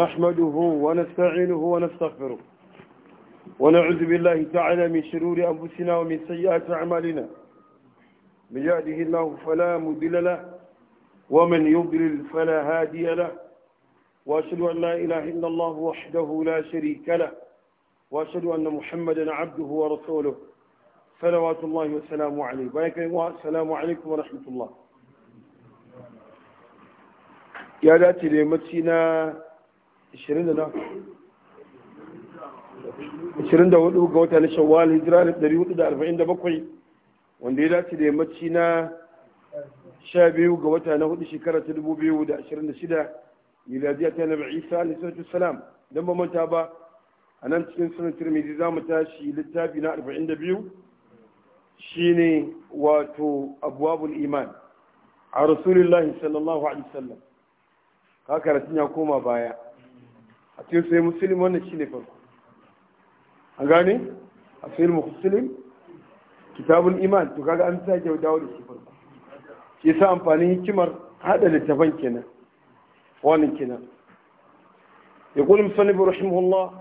نحمده ونستعينه ونستغفره ونعوذ بالله تعالى من شرور أنفسنا ومن سيئات أعمالنا من يهده الله فلا مضل له ومن يضلل فلا هادي له وأشهد أن لا إله إلا الله وحده لا شريك له وأشهد أن محمدا عبده ورسوله صلوات الله وسلامه عليه السلام عليكم ورحمة الله يا dace da 24 ga watan shawwal hijira 447 wanda ya dace da yammaci na 12 ga wata na hudu shekara ta 2026 miladiya ta nabi isa alaihi salam don ba manta ba a nan cikin sunan tirmidhi za mu tashi littafi na 42 shine wato abwabul iman a rasulullahi sallallahu alaihi sallam. ka karatun ya koma baya a cikin sai musulun wannan shi ne farko an gane a sai musulun kitabun iman to kaga an sake dawo da shi farko shi yasa amfanin hikimar hada da taban kenan wannan kenan ya kulum bi rahimahullah Allah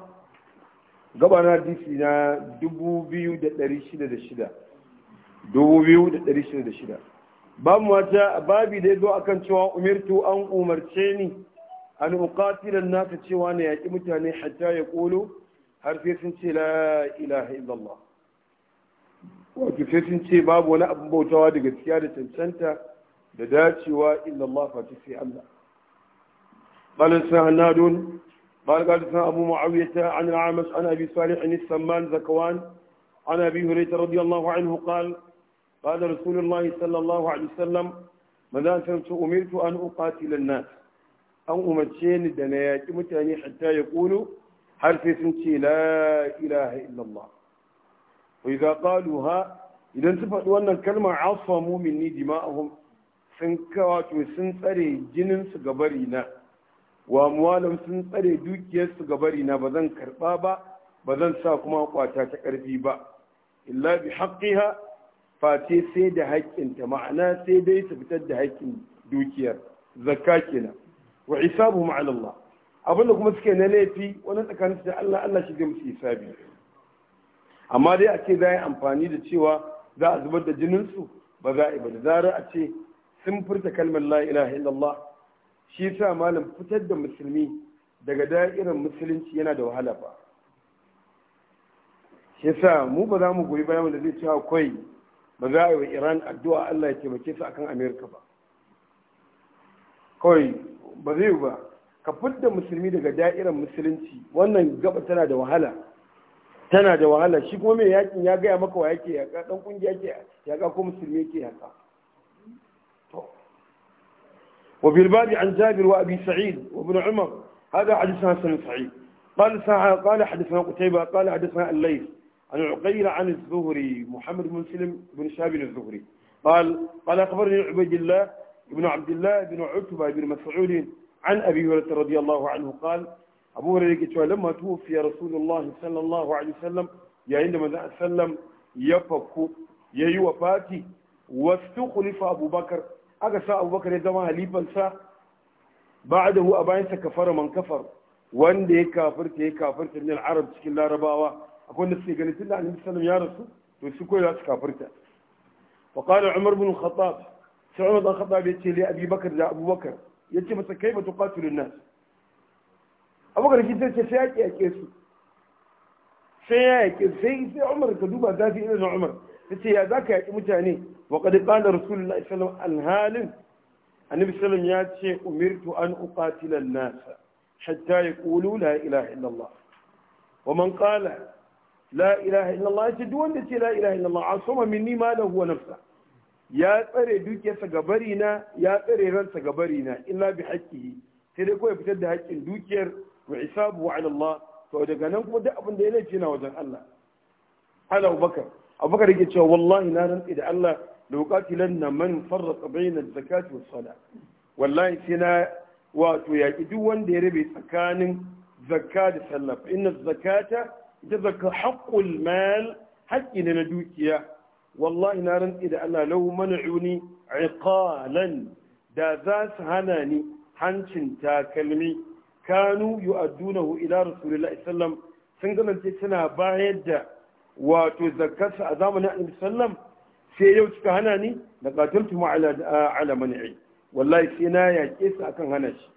gabana hadisi na 2666 2666 babu mata babi da ya akan cewa umirtu an umarce ni an uqatilan nasa cewa na yaƙi mutane hatta ya ƙolo har sai sun ce la ilaha illallah wato sai sun ce babu wani abin bautawa da gaskiya da cancanta da dacewa illallah fati sai Allah قال سهناد قال قال سهن أبو معاوية عن العامس عن أبي صالح عن السمان زكوان عن أبي هريرة رضي الله عنه قال قال رسول الله sallallahu الله عليه وسلم ماذا أمرت an أقاتل الناس an umarce ni da na yaƙi mutane hatta ya ƙulu har sai sun ce la ilaha illallah wai za ƙalu ha idan su faɗi wannan kalmar alfa mumin ni jima'ahum sun kawato sun tsare jininsu ga barina wa muwalam sun tsare dukiyarsu ga barina ba zan karɓa ba ba zan sa kuma kwata ta ƙarfi ba illa bi haqqiha fate sai da haƙƙinta ma'ana sai dai su fitar da haƙƙin dukiyar zakka kenan wa isabuhum ala Allah abinda kuma suke na laifi wani tsakanin da Allah Allah shi zai musu isabi amma dai a ce za a yi amfani da cewa za a zubar da jininsu ba za a yi ba da zarar a ce sun furta kalmar la ilaha illallah shi yasa malam fitar da musulmi daga da'irar musulunci yana da wahala ba shi sa mu ba za mu goyi bayan wanda zai cewa kwai ba za a yi wa iran addu'a allah ya taimake su akan amerika ba kawai ba zai ba ka fidda musulmi daga da'irar musulunci wannan gaba tana da wahala tana da wahala shi kuma mai yakin ya gaya maka wa yake yaƙa ɗan ƙungiya ke yaƙa ko musulmi yake yaƙa وفي الباب عن جابر وأبي سعيد وابن عمر هذا حديثنا سنة سعيد قال قال حدثنا قتيبة قال حدثنا الليث عن عقيل عن muhammad محمد بن مسلم بن شهاب الزهري قال قال أخبرني عبيد الله ibnu cabdillah ibnu cutba ibnu mascuudin can abi hurayra radia allahu canhu qaal abu hurayra gechaa lama tuufiya rasuulu llahi sala allahu alayi wasalam yaa indama salam yafaku yayu wafaati wastukhlifa abubakar aga sa abubakar ya zama halifansa bacdahu abayinsa kafara man kafar wanda ya kafirta ya kafirta min cikin larabawa akwai wanda suke ganin tunda annabi salam ya rasu to su kawai za su kafirta fa qala cumar bnu alkhaaab سعر ذا خطاب يتي لأبي بكر ذا أبو بكر يتي مثلا كيف تقاتل الناس أبو بكر جدا سيأتي أكيسو سيأتي سي سي عمر كدوبة ذاتي إلى عمر يتي يا ذاك يا متاني وقد قال رسول الله صلى الله عليه وسلم الهال النبي صلى الله عليه وسلم أمرت أن أقاتل الناس حتى يقولوا لا إله إلا الله ومن قال لا إله إلا الله يتدون التي لا إله إلا الله عصم مني ماله له هو نفسه ya tsare dukiyarsa ga barina ya tsare ransa ga barina illa bi haqqihi sai dai kawai fitar da haƙƙin dukiyar wa isabu ala Allah to daga nan kuma duk abin da ya laifi na wajen Allah ala Abubakar Abubakar yake cewa wallahi na rantsi da Allah da uqatilan na man farraqa bainal zakati was sala wallahi sai na wato yaki duk wanda ya rabe tsakanin zakka da sallah inna zakata ita zakka haqqul mal haƙƙi ne na dukiya wallahi na rantsi da Allah lau mana'uni da za su hana ni hancin takalmi kanu yu'addunahu ila rasulillahi sallam sun ganance tana bayar da wato zakarsa a zamanin annabi sallam sai yau cika hana ni da qatiltu ala ala man'i wallahi sai na yaƙe su akan hana shi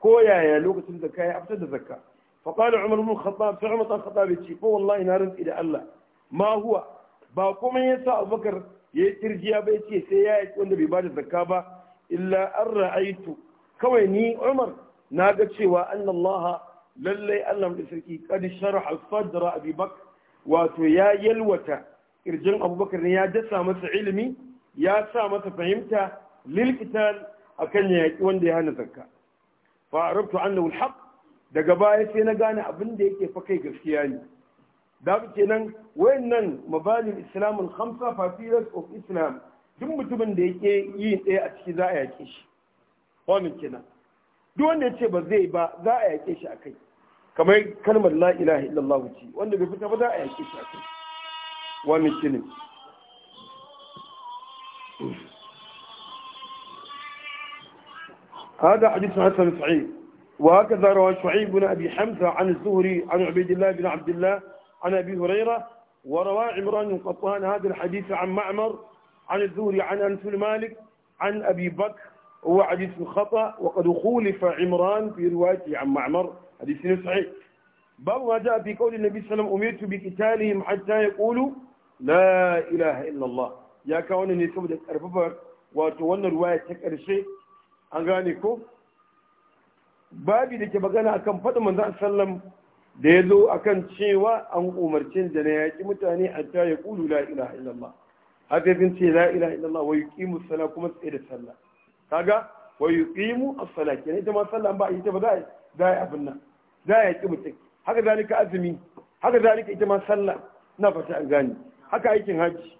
ko yaya lokacin zakka ya afta da zakka fa qala umar ibn khattab sai umar ibn khattab ya ce ko wallahi na rantsi da Allah ma huwa ba kuma ya sa abubakar ya yi kirjiya ya ce sai ya yi wanda bai ba da zakka ba illa an ra'aitu kawai ni umar na ga cewa annallaha lallai allah da sarki kad sharha abubakar wato ya yalwata kirjin abubakar ne ya dasa masa ilimi ya sa masa fahimta lil akan yaƙi wanda ya hana zakka fa arabtu annahu alhaq daga baya sai na gane abin da yake fa kai gaskiya ne da haka kenan wayannan mabalin islamun hamsa fafilas of islam duk mutumin da yake yi ɗaya a ciki za a yaƙe shi wannan kenan duk wanda ya ce ba zai ba za a yaƙe shi a kai kamar kalmar la ilaha illallah ce wanda bai fita ba za a yaƙe shi a kai wannan kenan هذا حديث حسن صحيح وهكذا روى شعيب بن أبي حمزة عن الزهري عن عبيد الله بن عبد الله عن أبي هريرة وروى عمران بن قطان هذا الحديث عن معمر عن الزهري عن أنس المالك عن أبي بكر هو حديث خطأ وقد خولف عمران في روايته عن معمر حديث صحيح باب ما جاء في قول النبي صلى الله عليه وسلم أمرت بقتالهم حتى يقولوا لا إله إلا الله يا كون أني saboda karfafar wato رواية تكر شيء karshe an gane ko babi da ke magana akan faɗin manzon da ya zo a kan cewa an umarcin da na yaƙi mutane a ta ya ƙulu la ilaha illallah haka sun ce la ilaha illallah wa yuqimu sala kuma tsaye da sallah kaga wa yuqimu a sala kenan ita ma sallah ba ita ba za a za a abin nan za a yaƙi mutum haka zalika azumi haka zalika ita ma sallah na fata an gani haka aikin hajji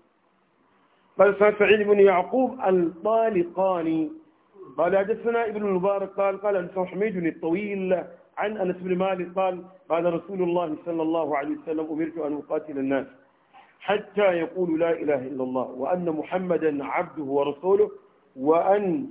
bal san sa'id ibn yaqub al-taliqani قال حدثنا ابن المبارك قال قال حميد الطويل عن أنس بن مالك قال قال رسول الله صلى الله عليه وسلم أمرت أن أقاتل الناس حتى يقول لا إله إلا الله وأن محمدا عبده ورسوله وأن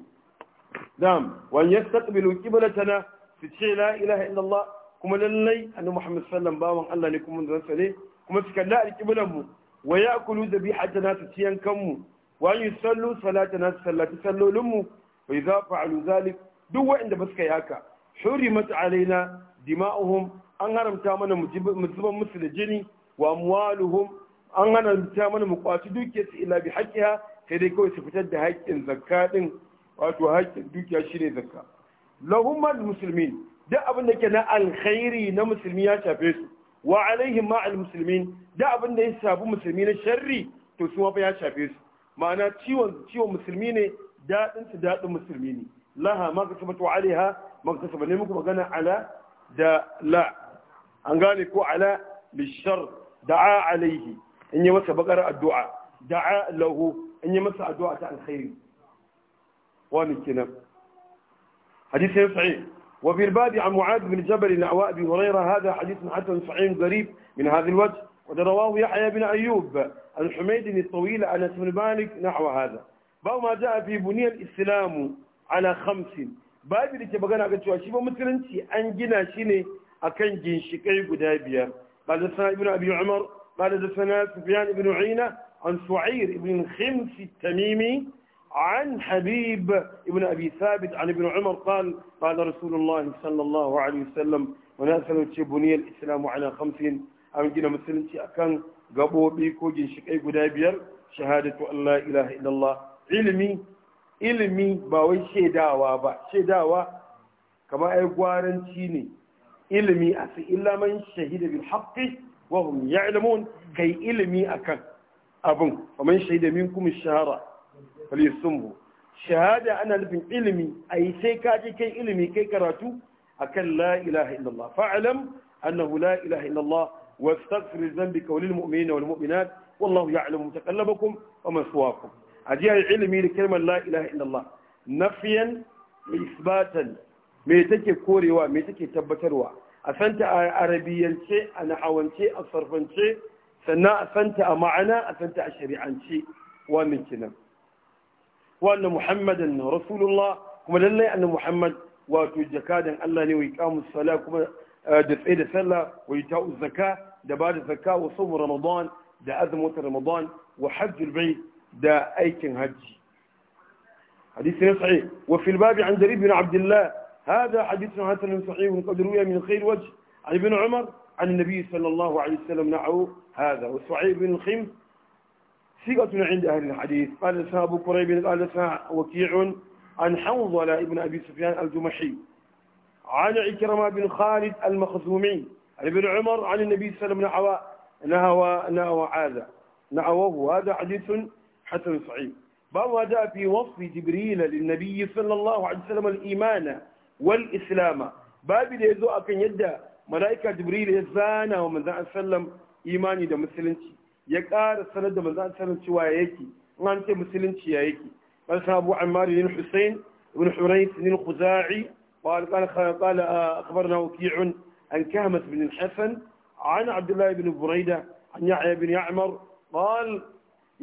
نعم وأن يستقبلوا قبلتنا في شيء لا إله إلا الله كما للي أن محمد صلى الله عليه وسلم باوان الله لكم من ذلك كما سكن لا لكبلهم ويأكلوا ذبيحتنا في شيء كمو وأن يصلوا صلاتنا في صلاة صلوا لهم وإذا فعلوا ذلك دو وإن بسكي هكا hurimat alaina dima'uhum an haramta mana musulman musu da jini wa amwaluhum an haramta mana mu kwaci dukiyar su ila bi haqqiha sai dai kawai su fitar da haƙƙin zakka wato haƙƙin dukiya shine zakka lahum muslimin duk abin da ke na alkhairi na musulmi ya shafe su wa alaihim ma almuslimin duk abin da ya shafi musulmi na sharri to su ya shafe su ma'ana ciwon musulmi ne dadin dadin ne laha مكتسب اللي ممكن بغنى على دا لا انغانيكو على بالشر دعا عليه اني مسا بقرا الدعاء دعا له اني مسا الدعاء تاع الخير واني كنا حديث صحيح وفي البادي عن معاذ بن جبل نعواء ابي هريره هذا حديث حسن صحيح قريب من هذا الوجه وقد رواه يحيى بن ايوب الحميد الطويل عن اسم المالك نحو هذا باو ما جاء في بني الاسلام على خمس babu da ke magana ga cewa shi ba musulunci an gina shi ne akan kan ginshikai guda biyar ba da sana ibn abin umar ba da sana sufiyan ibn uina an su'ayir ibn khimsi tamimi an habib ibn abi sabit an ibn umar qal qal rasulullahi sallallahu alaihi wasallam wa nasalu ci buniyar islamu ala 50 an gina musulunci akan gabobi ko ginshikai guda biyar shahadatu an la ilaha illallah ilmi ilimi ba wai shaidawa ba shaidawa kamar ai gwaranci ne ilimi a su ilaman shahida bil haqqi wa hum ya'lamun kai ilimi akan abun abin man shahida minkum shahara falyasumhu shahada ana nufin ilimi ai sai ka je kai ilimi kai karatu akan la ilaha illallah fa'lam annahu la ilaha illallah واستغفر الذنب كولي المؤمنين والمؤمنات والله يعلم متقلبكم ومثواكم ajiyar ilimi da kalmar la ilaha illallah nafiyan isbatan me take korewa me take tabbatarwa a santa a arabiyance a nahawance a sarfance sannan a santa a ma'ana a santa a shari'ance wannan kinan wannan muhammadan rasulullah kuma lallai annabi muhammad wato jakadan Allah ne wai iqamus sala kuma da tsaye da sallah wai ita'u zakka da ba da zakka wa sawm ramadan da azumin ramadan wa hajjul bayt دا أيكن هجي حديث صحيح وفي الباب عن جرير بن عبد الله هذا حديث حسن صحيح قد روي من خير وجه عن ابن عمر عن النبي صلى الله عليه وسلم نعو هذا وصعيب بن الخم ثقة عند أهل الحديث قال أبو قريب قال وكيع عن حوضل ابن أبي سفيان الجمحي عن عكرمة بن خالد المخزومي عن ابن عمر عن النبي صلى الله عليه وسلم نحو نحو هذا نعوه هذا حديث حسن صحيح باب ما جاء في وصف جبريل للنبي صلى الله عليه وسلم الإيمان والإسلام باب da yazo akan yadda malaika jibril ya zana wa manzon sallam imani da musulunci ya ƙara sanar da manzon sallam cewa yake in an ce قال أبو عمار بن حسين بن حريث بن الخزاعي قال قال قال آه، أخبرنا وكيع عن كهمة بن الحسن عن عبد الله بن بريدة عن يحيى بن يعمر قال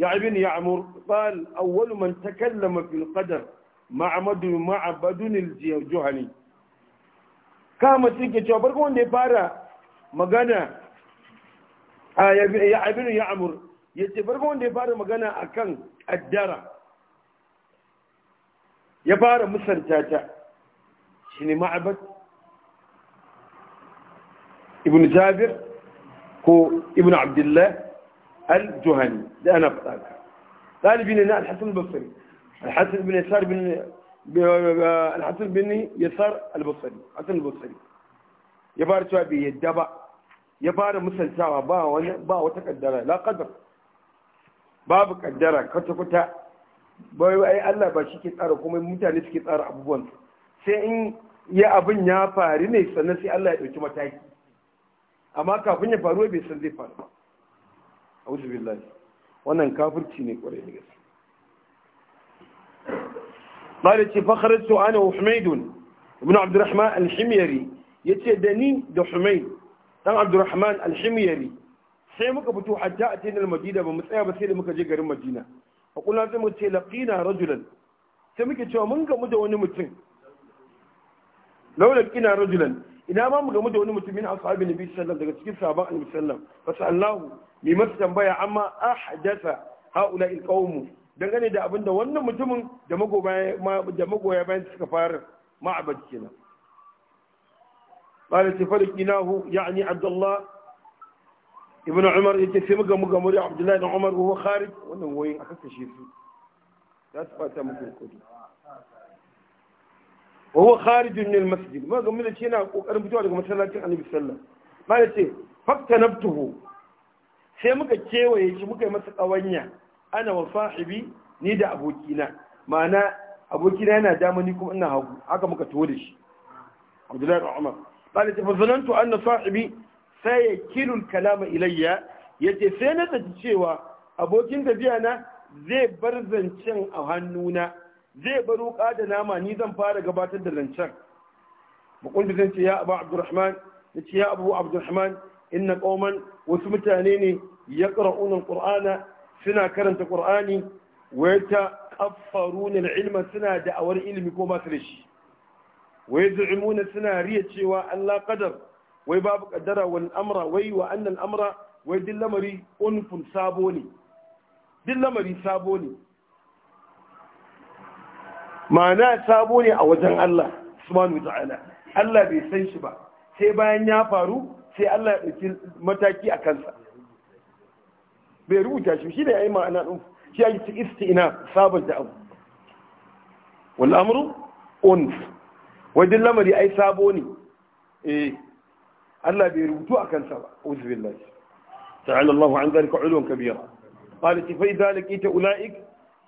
يا ابن يعمر قال أول من تكلم في القدر معبد معبد الجهني kama suke cewa farko wanda ya fara magana a abinu ya amur ya ce farko wanda ya fara magana a kan ƙaddara ya fara musanta ta shi ne ma'abat ibn jabir ko ibn abdullah al-juhani da ana faɗa ka ɗalibi ne na al-hassan basri al-hassan bin yasar hassan bin yasar al-basri hassan al-basri cewa bai yadda ba ya fara musantawa ba wani ba wata kaddara la babu kaddara kwata kwata bai ai Allah ba shi ke tsara kuma mutane suke tsara abubuwan sai in ya abin ya fari ne sannan sai Allah ya dauki mataki amma kafin ya faru bai san zai faru ba auzu billahi wannan kafirci ne kwarai da gaske qala ce fa ana humayd ibn abdurrahman al-himyari yace da ni da humayd dan abdurrahman al-himyari sai muka fito hatta a cikin madina ba mu tsaya ba sai da muka je garin madina fa kullu sai muka ce laqina rajulan sai muke cewa mun gamu da wani mutum laula laqina rajulan ina ma mu gamu da wani mutumin ashabi nabi sallallahu daga cikin sahabban annabi sallallahu fa sallahu mi masa tambaya amma ahdatha haula alqawm dangane da abinda wannan mutumin da magoya da magoya bayan suka fara ma'abad kenan qala tafarqinahu yani abdullah ibn umar yake sai muga muga muri abdullah ibn umar huwa kharij wannan wayin aka kashe su za su fata muku kudi wa huwa kharijun min al-masjid ma ga mulki yana kokarin fitowa daga masallacin annabi sallallahu alaihi wasallam ce faktanabtuhu sai muka kewaye shi muka yi masa kawanya ana wa sahibi ni da abokina ma'ana abokina yana dama ni kuma ina hagu haka muka taho da shi Abdullahi bin Umar qala ta fazanantu anna sahibi sai ya al-kalama ilayya yace sai na tsaci cewa abokin tafiya na zai bar zancen a hannuna zai bar wuka da nama ni zan fara gabatar da zancen bukundu zan ce ya abu abdurrahman ya ce ya abu abdurrahman inna qauman wasu mutane ne ya qra'una ƙur'ana suna karanta ƙur'ani. ta wa yataqaffaruna alilma suna da'awar ilimi ko masu su da shi wa yaz'umuna suna riya cewa an qadar wai babu qaddara wal amra wai wa anna al amra wai lamari unfun sabo ne lamari sabo ne ma'ana sabo ne a wajen Allah subhanahu ta'ala Allah bai san shi ba sai bayan ya faru sai Allah ya ɗauki mataki a kansa bai rubuta shi shi da yayi ma'ana ɗin. shi yi yake ci istina sabanta abu Wani amuru? On. wajen lamari ai sabo ne eh Allah bai rubutu a kansa ba uzbillahi ta'ala Allah an zalika ulwan kabira قالت فإذا لقيت أولئك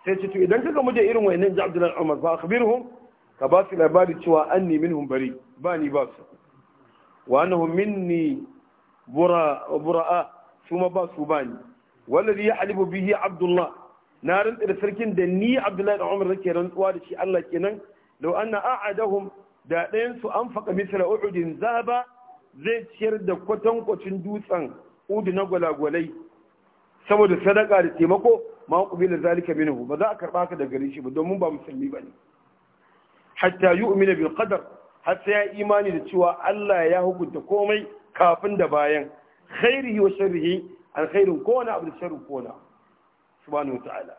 sai ce to idan ka gamu da irin wayannan ja'dul umar fa akhbirhum ka ba su labari cewa anni minhum bari ba ni ba su wa annahum minni bura bura'a kuma ba su ba ni wallazi yahlibu bihi abdullah na rantsa da sarkin da ni abdullahi da umar nake rantsuwa da shi Allah kenan law anna a'adahum da ɗayan su an faka misra uhudin zaba zai ciyar da kwatankwacin dutsen udu na gwalagwalai saboda sadaka da taimako ma qubila zalika minhu ba za a karba ka daga gare ba domin ba musulmi bane hatta yu'mina bil qadar har sai ya imani da cewa Allah ya hukunta komai kafin da bayan khairihi wa sharrihi alkhairin ko wani abu da sharrin ko na subhanahu wataala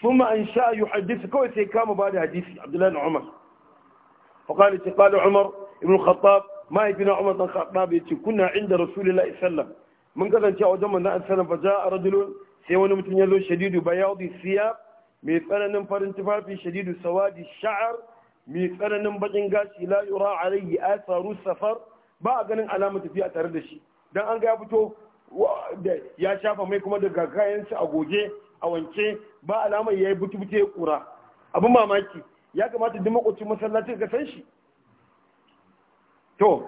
thumma an sha yuhaddith kawai sai kama ba da hadisi Abdullahi bin Umar fa qala ta qala Umar ibn Khattab ma ibn Umar dan Khattab yace kunna inda Rasulullahi sallallahu alaihi wasallam mun kasance a wajen manzon sallallahu alaihi wasallam fa jaa rajulun sai wani mutum ya zo shadidu bayadi siya mai tsananin farin tufafi shadidu sawadi sha'ar mai tsananin bakin gashi la yura alayhi asaru safar ba a ganin alamar tafiya tare da shi dan an ga ya fito ya shafa mai kuma daga kayan a goge a wanke ba alamar yayi butu-butu ya kura abin mamaki ya kamata duk makocin masallacin ka san shi to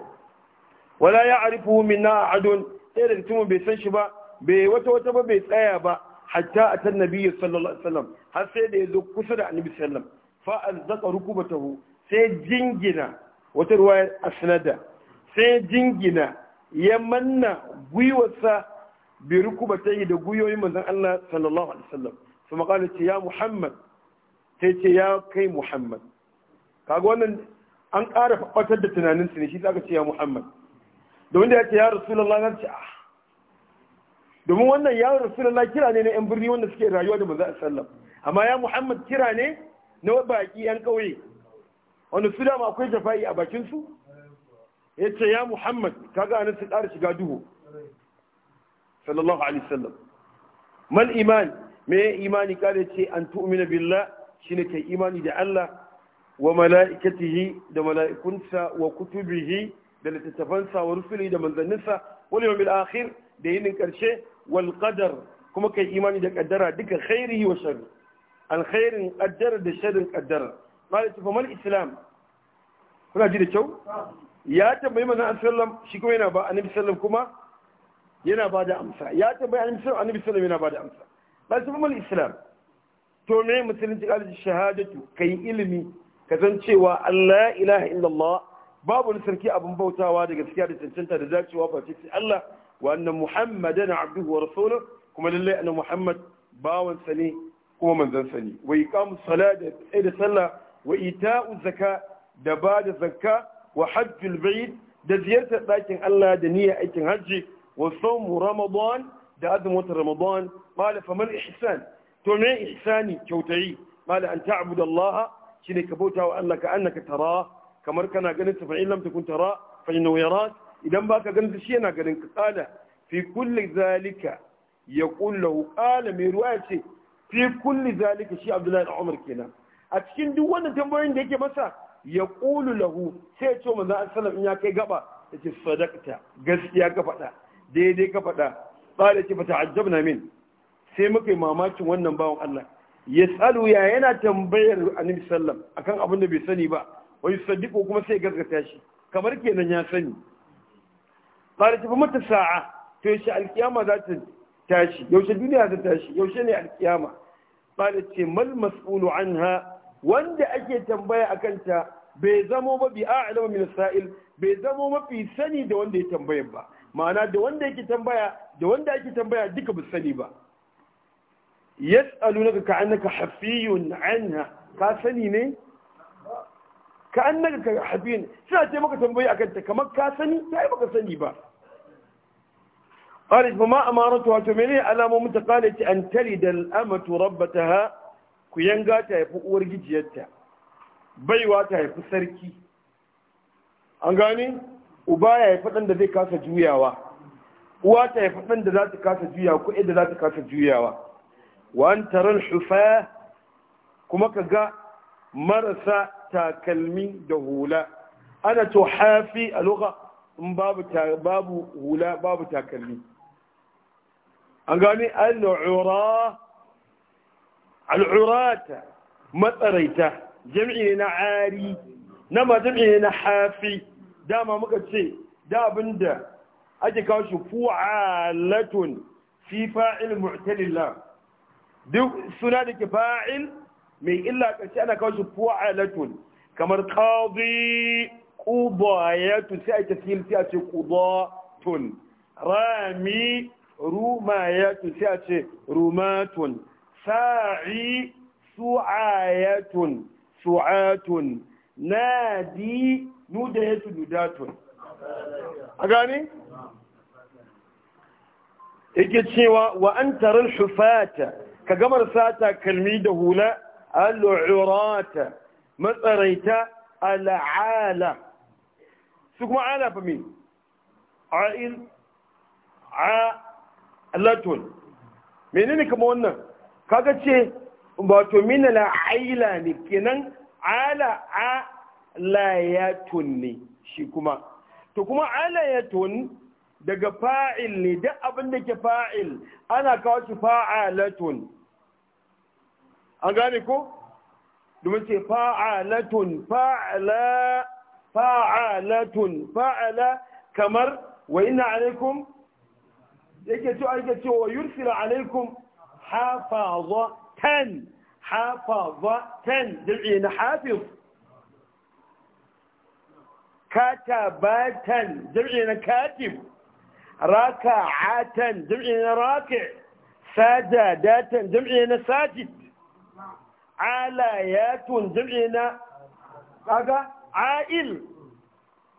wala ya arifu minna adun sai da mutum bai san shi ba bai wata wata ba bai tsaya ba hatta a tan nabi sallallahu alaihi wasallam har sai da ya zo kusa da annabi sallam fa azzaka rukubatahu sai jingina wata ruwayar asnada sai jingina ya manna gwiwarsa bi rukubatai da guyoyin manzon Allah sallallahu alaihi wasallam kuma kana ce ya Muhammad sai ce ya kai Muhammad kaga wannan an ƙara faɓatar da tunaninsu ne shi za ka ce ya Muhammad da wanda ya ce ya Rasulullah zan ce ah domin wannan ya rasulullah kira ne na yan birni wanda suke rayuwa da manzo sallam amma ya muhammad kira ne na baki yan kauye wanda su dama akwai jafa'i a bakin su yace ya muhammad kaga anan su ƙara shiga duhu sallallahu alaihi wasallam mal iman me imani kare ce an tu'mina billah shine kai imani da Allah wa mala'ikatihi da mala'ikunsa wa kutubihi da littattafansa wa rusuli da manzanninsa wal yawmil akhir da yinin karshe Walƙadar qadar kuma kai imani da kaddara duka khairihi wa sharri alkhairin kaddara da sharrin kaddara malaka fa mal islam kuna ji da kyau ya tambayi manzon sallam shi kuma yana ba annabi sallam kuma yana ba da amsa ya tambayi annabi sallam annabi sallam yana ba da amsa malaka fa mal islam to me musulunci kalli shahadatu kai ilimi kasancewa Allah ilaha illallah babu wani sarki abin bautawa da gaskiya da cancanta da dacewa face sai Allah wa anna muhammadan abduhu wa rasuluhu kuma lallai annan muhammad bawan sa kuma manzon sa ne wa iqamu salati da sallah wa ita'u zaka da ba da zakka wa hajjul bait da ziyartar dakin Allah da niyyar aikin hajji wa sawmu ramadan da azumin ramadan mala famal ihsan to me ihsani kyautayi mala an ta'budu Allah shine ka bauta wa Allah ka annaka tara kamar kana ganin ta fa in lam takun tara idan ba ka ganin shi yana ganin ka kala fi kulli zalika ya kullahu kala mai ruwa ya ce fi kulli zalika shi abdullahi da umar kenan a cikin duk wanda tambayoyin da yake masa ya kulu lahu sai ya ce manzo sallallahu in ya kai gaba ya ce sadaqta gaskiya ka faɗa daidai ka faɗa qala ce ajabna min sai muka yi mamakin wannan bawan Allah ya tsalu ya yana tambayar annabi sallam akan abin da bai sani ba wai sadiqo kuma sai gaskata shi kamar kenan ya sani mata sa'a, to yaushe قال فمتى الساعة فيش القيامة ذات تاشي يوش الدنيا ذات تاشي يوش القيامة قالت ما المسؤول anha, wanda ake tambaya a kanta bai zamo mafi a'alama min sa'il bai zamo mafi sani da wanda ya tambaya ba ma'ana da wanda yake tambaya da wanda ake tambaya duka ba sani ba yas'alunaka ka'annaka hafiyun anha ka sani ne ka'annaka hafiyun suna ce maka tambaya akan ta kamar ka sani ta yi baka sani ba qalat fa ma amaratu wa to mene alamomin ta qalat an talida al amatu rabbataha ku yanga ta haifi uwargijiyata, gijiyarta baiwa ta haifi sarki an gani uba ya haifi dan da zai kasa juyawa uwa ta haifi dan da za ta kasa juyawa ko da za ta kasa juyawa wa an taral kuma ka ga marasa takalmi da hula ana to hafi a loka in babu hula babu takalmi an gani al'urata matsaraita jam'i na ari na ma ne na hafi dama muka ce da abinda ake kawo shi fu'alatun fi fa'il mu'tadilla duk suna da ke fa'il mai illa ƙarshe ana kawo shi fu'alatun kamar qadi qubayatun sai a tafsir sai a ce qudatun rami rumayatun sai a ce rumatun sa'i su'ayatun su'atun nadi nudayatun nudatun a gani? yake cewa wa an tarar shufata ka gamar sata kalmi da hula al'urata matsaraita al'ala su kuma ala fa min a allaton ne kama wannan kaga ce wato la aila ne kenan ala alayatun ne shi kuma to kuma tun daga fa'il ne duk abin da ke fa'il ana kawo shi tun. an gane ko domin ce fa'alatun fa'ala tun, fa'ala kamar wa ina alaikum يجتو أجتو ويرسل عليكم حافظة حافظة دلعي نحافظ كتابات دلعي نكاتب ركعات دلعي راكع سجادات دلعي نساجد علايات دمعنا هذا عائل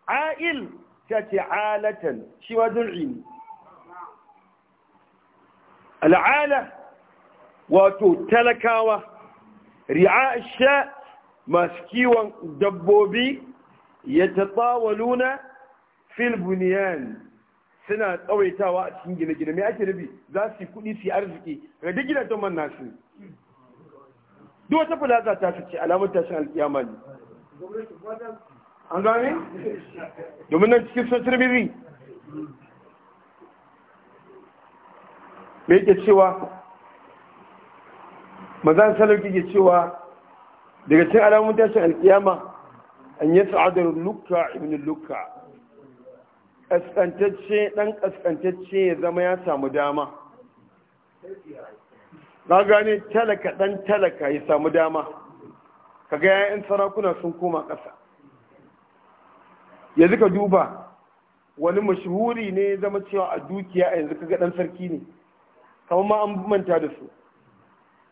عائل تتعالة شوى دمعين al'ala wato talakawa ri'a sha masu kiwon dabbobi ya taɓawaluna fil buniyan suna tsawaitawa a cikin gine-gine mai ake rabi za su yi kuɗi su yi arziki ga duk gidan man nasu duk wata fulaza ta fice alamar tashin alkiyama ne an gane domin nan cikin sosir me yake cewa mazan yake cewa daga cin alamun tashin alkiyama an yi sa'adar luka ibn Luka ƙasƙantacce ɗan ƙasƙantacce ya zama ya samu dama na gane talaka ɗan talaka ya samu dama ka ga yayan sarakuna sun koma ƙasa yanzu ka duba wani mashuhuri ne zama cewa a dukiya a yanzu kaga ɗan sarki ne kamar ma an manta da su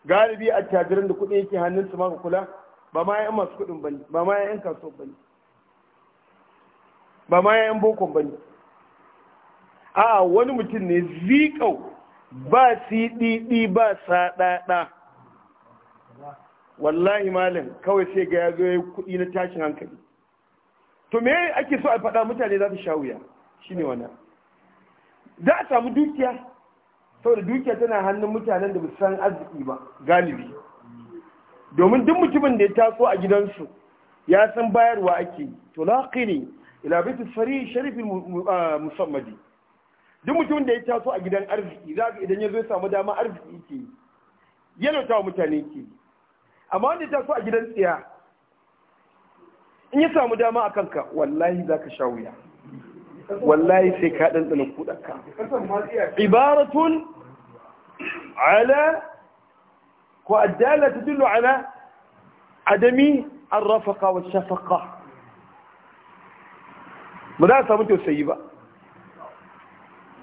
galibi tajirin da kuɗi yake hannunsu maka kula ba ma yan masu kuɗin bane ba ma yan kaso bane ba ma yan bokon bane a'a wani mutum ne zikau ba cdd ba saɗaɗa wallahi malam kawai sai ga ya yi kudi kuɗi na tashin hankali to me ake so a faɗa mutane za su sha wuya shine wannan za a samu dukiya saboda dukiya tana hannun mutanen da san arziki ba galibi domin duk mutumin da ya taso a gidansu ya san bayarwa ake to laqini ila baiti sari sharifin musammadi duk mutumin da ya taso a gidan arziki za ka idan ya zo ya samu dama arziki ke yana tawa mutane ke amma wanda ya taso a gidan tsiya in ya samu dama a kanka wallahi za ka sha wuya wallahi sai ka ɗanɗana kuɗaka ibaratun ala ko addala ta dillo ala adami an rafaka wa shafaka ba za a samu tausayi ba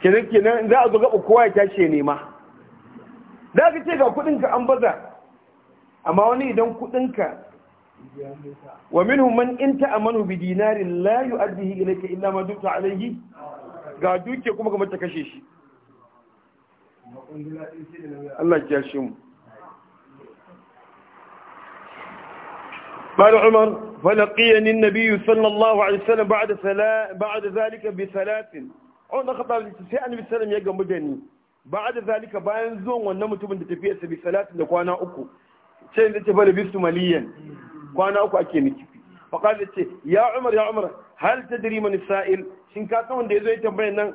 kenan kenan za a zo gaba kowa ya tashi nema za ka ce ga kuɗinka an baza amma wani idan kuɗinka wa minhum inta a ta'amanu bi dinarin la yu'addihi ilayka illa ma dumta alayhi ga duke kuma kamar ta kashe shi ya shi قال عمر فلقيني النبي صلى الله عليه وسلم بعد بعد ذلك بثلاث عمر خطاب sai annabi sallam ya gamu da ni ba'da zalika bayan zuwan wannan mutumin da tafiyarsa bi salatin da kwana uku sai da tafi da maliyan kwana uku ake kifi faƙar ce ya umar ya umar hal ta diri mani sa'il shin ka san wanda ya zo ya tambayan nan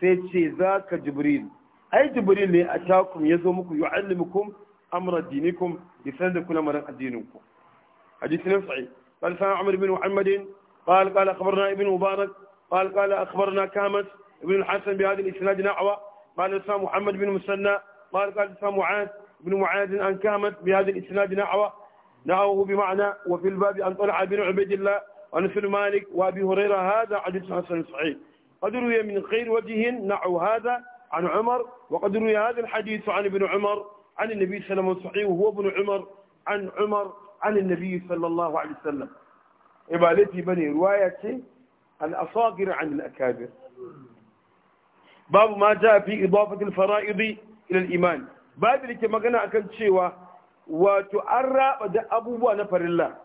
sai ce za ka jibril ai jibril ne a takum ya zo muku yi allimukum amra dinikum ya san da kuna maran addininku hadisi ne sa'i قال سمع عمر بن محمد قال قال أخبرنا ابن مبارك قال قال أخبرنا كامت ابن الحسن بهذا الإسناد نحوه muhammad سمع محمد بن مسنى قال قال سمع معاذ بن معاذ أن كامت بهذا الإسناد awa. نعوه بمعنى وفي الباب أن طلع بن عبيد الله عن بن مالك وأبي هريرة هذا حديث حسن صحيح قد روي من خير وجه نعو هذا عن عمر وقد روي هذا الحديث عن ابن عمر عن النبي صلى الله عليه وسلم صحيح وهو ابن عمر عن عمر عن النبي صلى الله عليه وسلم إبالتي بني رواية الأصاغر عن الأكابر باب ما جاء في إضافة الفرائض إلى الإيمان باب اللي كما قلنا أكد شيء wato an raba da abubuwa na farilla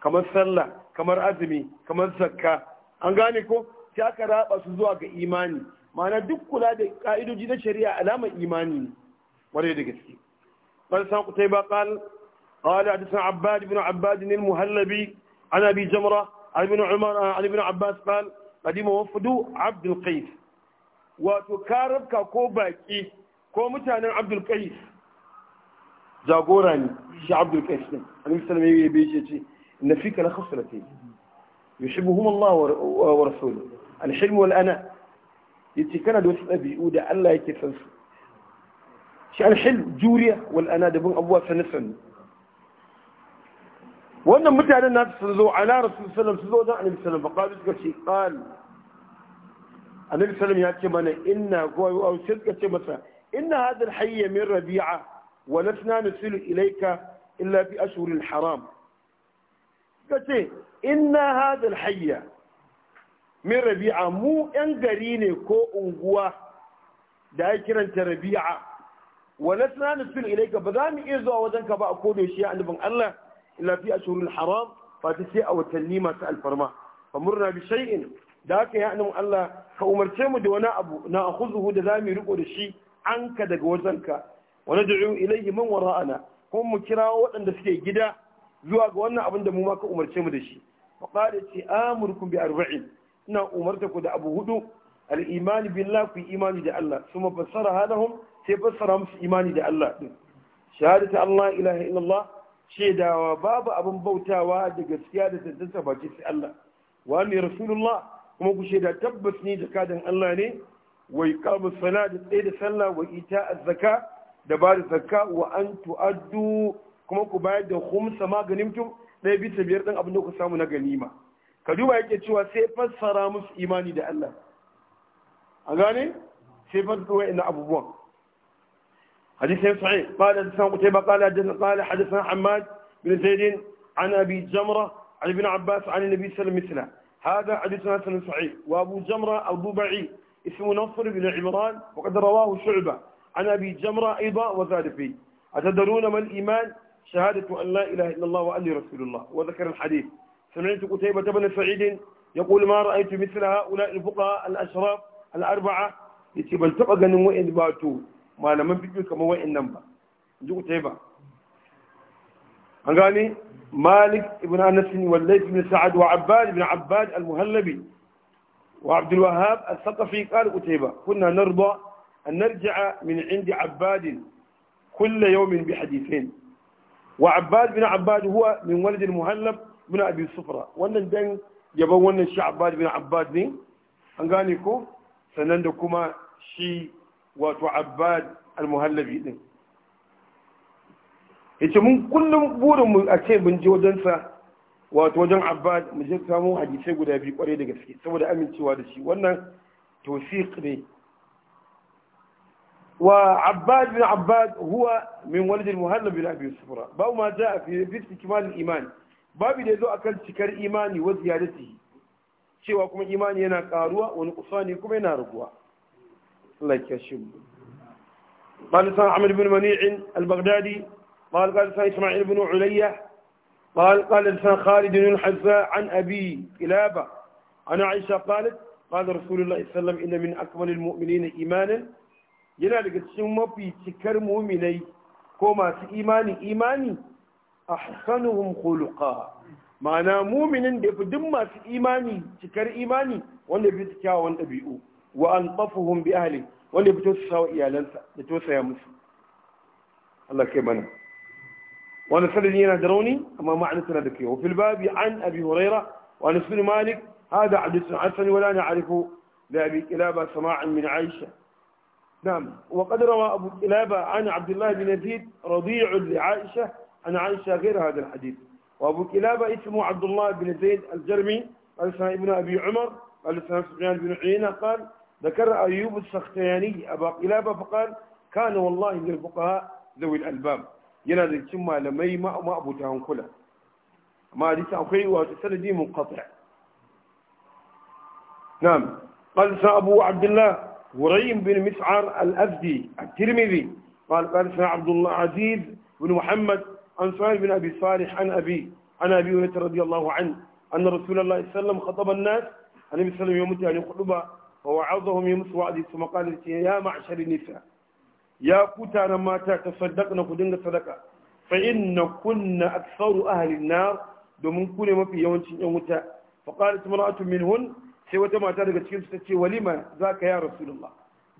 kamar sallah kamar azumi kamar zakka an gane ko sai aka raba su zuwa ga imani ma'ana duk kula da ka'idoji na shari'a alamar imani ne ware da gaske ban san ku tai ba qal qala hadithan abbad ibn abbad ne muhallabi ana bi jamra ibn umar ibn abbas qal qadima wafdu abd al wato karabka ko baki ko mutanen abd جاغوران شي عبد الكشن عليه السلام يبي يجي ان فيك لا لخصلتين يحبهم الله ورسوله الحلم والانا يتكنا دوس ابي ودع الله يكفل شي الحلم جوريا والانا دبن ابوا فنسن وانا متى على الناس سلو على رسول الله صلى الله عليه وسلم فقال لك شيء قال النبي صلى الله عليه وسلم يا كمان ان او شدك كما ان هذا الحي من ربيعه walasna nusilu ilaika illa fi ashhuril haram ce inna hadha hayya min rabi'a mu yan gari ne ko unguwa da ya kiranta rabi'a walasna nusilu ilaika ba za mu iya zuwa wajen ka ba a kodo shi annabin Allah illa fi ashhuril haram fa sai a watanni masu alfarma famurna bi shay'in da haka ya annabin Allah ka umarce mu da wani abu na akhuzuhu da za mu riko da shi anka daga wajenka wani nad'u ilayhi man wara'ana kuma mu kira waɗanda suke gida zuwa ga wannan abin da mu ma ka umarce mu da shi fa qala ti amurkum bi arba'in ina umarta ku da abu hudu al-imani billah ku imani da Allah kuma fassara hadahum sai fassara musu imani da Allah din shahadatu Allah ilaha illallah shaidawa babu abin bautawa da gaskiya da tantance baki sai Allah wa ni rasulullah kuma ku shaida tabbas ni jakadan Allah ne wa iqamus sala da tsada da sallah wa ita a zaka da ba da zakka wa an tu'addu kuma ku bayar da khumsa maganin tun ɗaya bisa biyar ɗin abin da ku samu na ganima ka duba yake cewa sai fassara musu imani da Allah a gane sai fassara ina abubuwan hadith sai sahih qala san qutayba qala hadith qala hadisi hamad bin zaid an abi jamra an ibn abbas an nabi sallallahu alaihi wasallam هذا حديث حسن صحيح وابو جمره الضبعي اسمه نصر بن عمران وقد رواه شعبه عن أبي جمرة أيضا وزاد فيه أتدرون ما الإيمان شهادة أن لا إله إلا الله وأني رسول الله وذكر الحديث سمعت قتيبة بن سعيد يقول ما رأيت مثل هؤلاء الفقهاء الأشراف الأربعة يتيب التقى نمو إن باتو ما لم يجب كما هو إن نمبا قتيبة أنقاني مالك ابن أنس والليث بن سعد وعباد بن عباد المهلبي وعبد الوهاب الثقفي قال قتيبة كنا نرضى أن نرجع من عند عباد كل يوم بحديثين وعباد بن عباد هو من ولد المهلب بن أبي صفرة wannan dan yaban wannan shi Abbad bin Abbad ne an gane ko sannan da kuma shi wato Abbad al din yace mun kullum burin mu a ce mun je wajen wato wajen Abbad mu je samu hadisai guda biyu kwarai da gaske saboda amincewa da shi wannan tawfiq ne وعباد بن عباد هو من ولد المهلب بن أبي سفرة باب ما جاء في في استكمال الإيمان باب إذا zo akan شكر imani وزيادته ziyadatihi cewa kuma imani yana karuwa wani kusani kuma yana قال سان عمر بن منيع البغدادي قال قال سان إسماعيل بن علية قال قال سان خالد بن الحذاء عن أبي كلابة عن عائشة قالت قال رسول الله صلى الله عليه وسلم إن من أكمل المؤمنين إيمانا yana daga cikin mafi cikar muminai ko masu imani imani ahsanuhum khuluqa ma'ana muminin da yafi duk masu imani cikar imani wanda yafi kyawawan ɗabi'u wa antafuhum bi ahli wanda yafi tausasa wa iyalansa da tausaya musu Allah kai mana wani sanadi yana da rauni amma ma'ana tana da kai wa fil babi an abi huraira wa anas malik hada hadithun hasani wala na'rifu da abi kilaba sama'an min aisha نعم وقد روى أبو كلابة عن عبد الله بن يزيد رضيع لعائشة عن عائشة غير هذا الحديث وأبو كلابة اسمه عبد الله بن زيد الجرمي قال سنة ابن أبي عمر قال سنة سفيان بن عيينة قال ذكر أيوب السختياني أبا كلابة فقال كان والله من الفقهاء ذوي الألباب yana ما أبو malamai ma'abuta ما ليس أخي akwai دي منقطع نعم قال سنة أبو عبد الله وريم بن مسعر الأبدي الترمذي قال قال سنا عبد الله عزيز بن محمد عن سعيد بن أبي صالح عن أبي عن أبي هريرة رضي الله عنه أن رسول الله صلى الله عليه وسلم خطب الناس النبي صلى الله عليه وسلم يوم يخطب ووعظهم يوم وعده ثم قال يا معشر النساء يا كتار ما تصدقنا كدن صدقة فإن كنا أكثر أهل النار دومن كنا ما في يوم يوم فقالت امرأة منهن sai wata mata daga cikin su tace walima za ka ya rasulullah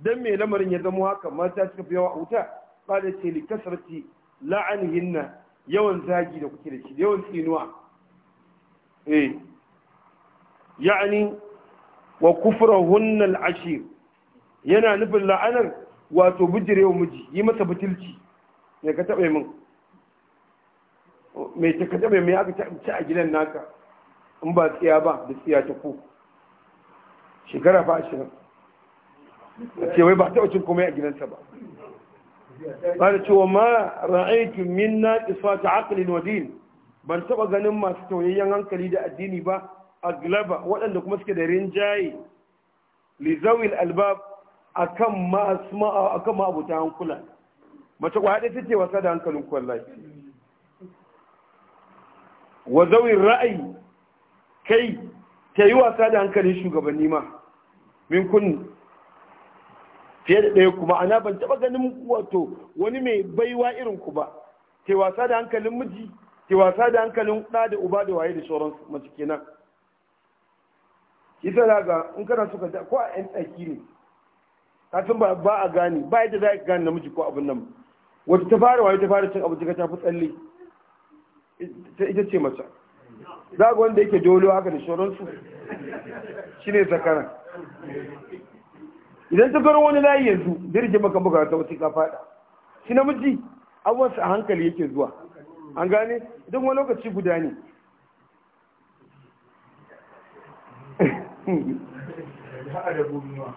dan me lamarin ya zama haka mata suka fi yawa a wuta da ce li la'anihin na yawan zagi da kuke da shi yawan tsinuwa eh ya'ani wa kufrahunna al-ashir yana nufin la'anar wato bijirewa miji yi masa butulci ya ka taɓa min mai ta ka taɓa mai aka ci a gidan naka in ba tsiya ba da tsiya ta ku shekara ba ashirin a ce wai ba taɓa cin komai a gidansa ba ba da cewa ma ra'aitu Minna na ta ban taɓa ganin masu tauyayyen hankali da addini ba a glaba waɗanda kuma suke da rinjaye lizawil albab akan masu ma'abuta hankula mace kwaɗe ta ce wasa da hankalin kwallaye wa zawin ra'ayi kai ta yi wasa da hankalin shugabanni ma min kun fiye da ɗaya kuma ana ban taɓa ganin wato wani mai baiwa irin ku ba ta wasa da hankalin miji ta wasa da hankalin ɗa da uba da waye da sauran mace kenan isa da ga in kana suka da ko a yan tsaki ne kafin ba ba a gane ba yadda za ka gane namiji ko abin nan wata ta fara waye ta fara cin abinci ka ta fi tsalle ita ce mace za ga wanda yake dolo haka da shoransu shi ne sakara idan ta karo wani layi yanzu dirje maka buga ta wasu ka fada shi namiji abuwansa a hankali yake zuwa an gane idan wani lokaci guda ne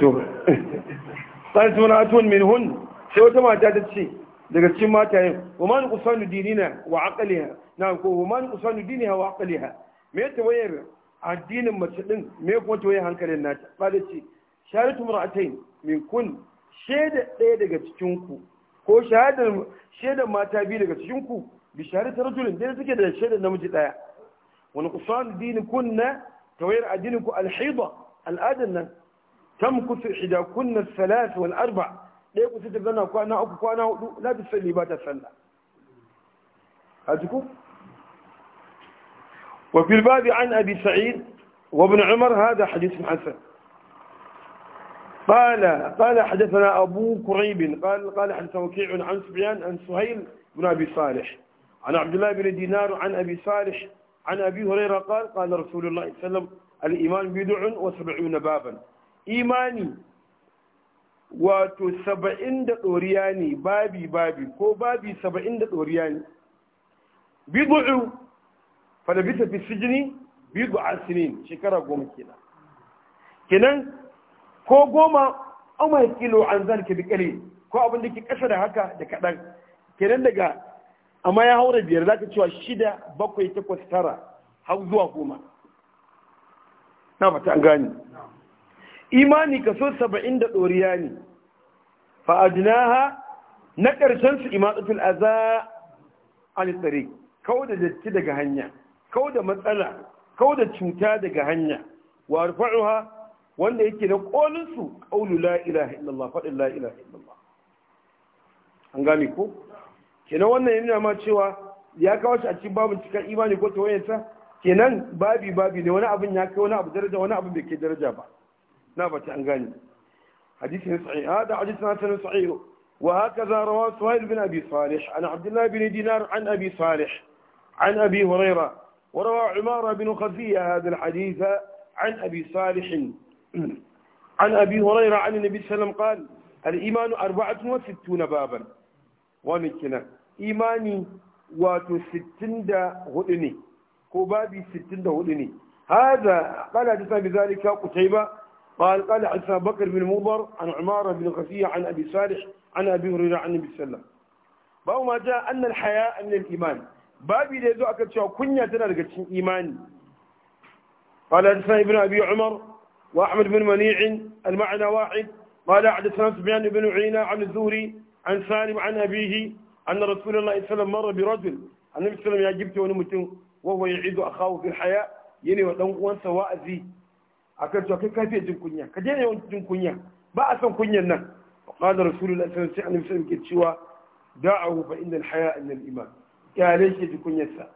to sai tuna atun min hun sai wata mata ta ce daga cikin matayen wa man qusanu dinina wa aqliha na ko wa man qusanu diniha wa aqliha me tawayar addinin mace din me kuma tawayar hankalin nata ba da ce sharatu mar'atayn min kun shaida daya daga cikin ku ko shahadar shaidar mata biyu daga cikin ku bi sharatu rajulin dai suke da shaidar namiji daya wani kusan dinin kunna tawayar addinin ku al alhida al-adna tamkutu hidakunna kunna thalath wal arba ɗaya ku ta zana kwana uku kwana hudu ta ba ta a وفي الباب عن أبي سعيد وابن عمر هذا حديث حسن قال قال حدثنا أبو كريب قال قال حدثنا وكيع عن سبيان عن سهيل بن أبي صالح عن عبد الله بن دينار عن أبي صالح عن أبي هريرة قال قال رسول الله صلى الله عليه وسلم الإيمان بدع وسبعون بابا إيماني wato saba'in da ɗoriya ne babi babi ko babi saba'in da ɗoriya ne bidu'u bisa fi sijini bidu asinin shekara goma kenan kenan ko goma amma kilo an zalika da kare ko abin da ke kasa da haka da kaɗan kenan daga amma ya haura biyar za ka cewa shida bakwai takwas tara har zuwa goma na fata an gani imani kaso saba'in da ɗoriya ne fa'adinaha na karshen su imatsatul aza alisari kawo da datti daga hanya kawo da matsala kawo da cuta daga hanya wa rufa'uha wanda yake da ƙolinsu ƙaunu la ilaha illallah faɗin la ilaha illallah an gane ko kenan wannan yana ma cewa ya kawo shi a cikin babin cikin imani ko ta kenan babi babi ne wani abin ya kai wani abu daraja wani abin bai kai daraja ba na ba ta حديث صحيح هذا حديث صحيح وهكذا رواه سهيل بن أبي صالح عن عبد الله بن دينار عن أبي صالح عن أبي هريرة وروى عمارة بن خزية هذا الحديث عن أبي صالح عن أبي هريرة عن النبي صلى الله عليه وسلم قال الإيمان أربعة وستون بابا ومكنا إيماني واتو ستين دا هدني كوبابي ستين دا هدني هذا قال حديثنا بذلك قتيبة قال قال عن بكر بن مضر عن عمارة بن غزية عن أبي صالح عن أبي هريرة عن النبي صلى الله عليه وسلم باب ما جاء أن الحياء من الإيمان بابي da yazo aka cewa kunya tana daga cikin imani قال حدثنا ابن أبي عمر وأحمد بن منيع المعنى واحد قال حدثنا سبيان بن عيينة عن الزهري عن سالم عن أبيه أن رسول الله صلى الله عليه وسلم مر برجل النبي صلى الله عليه وسلم يعجبته ونمت وهو يعيد أخاه في الحياء يني ودم سواء ذي akan cewa kai ka fiye jin kunya ka je ne yawan jin kunya ba a san kunyan nan qala rasulullah sallallahu alaihi wasallam ke cewa da'ahu fa inna al-haya min al-iman kyale shi ji kunyarsa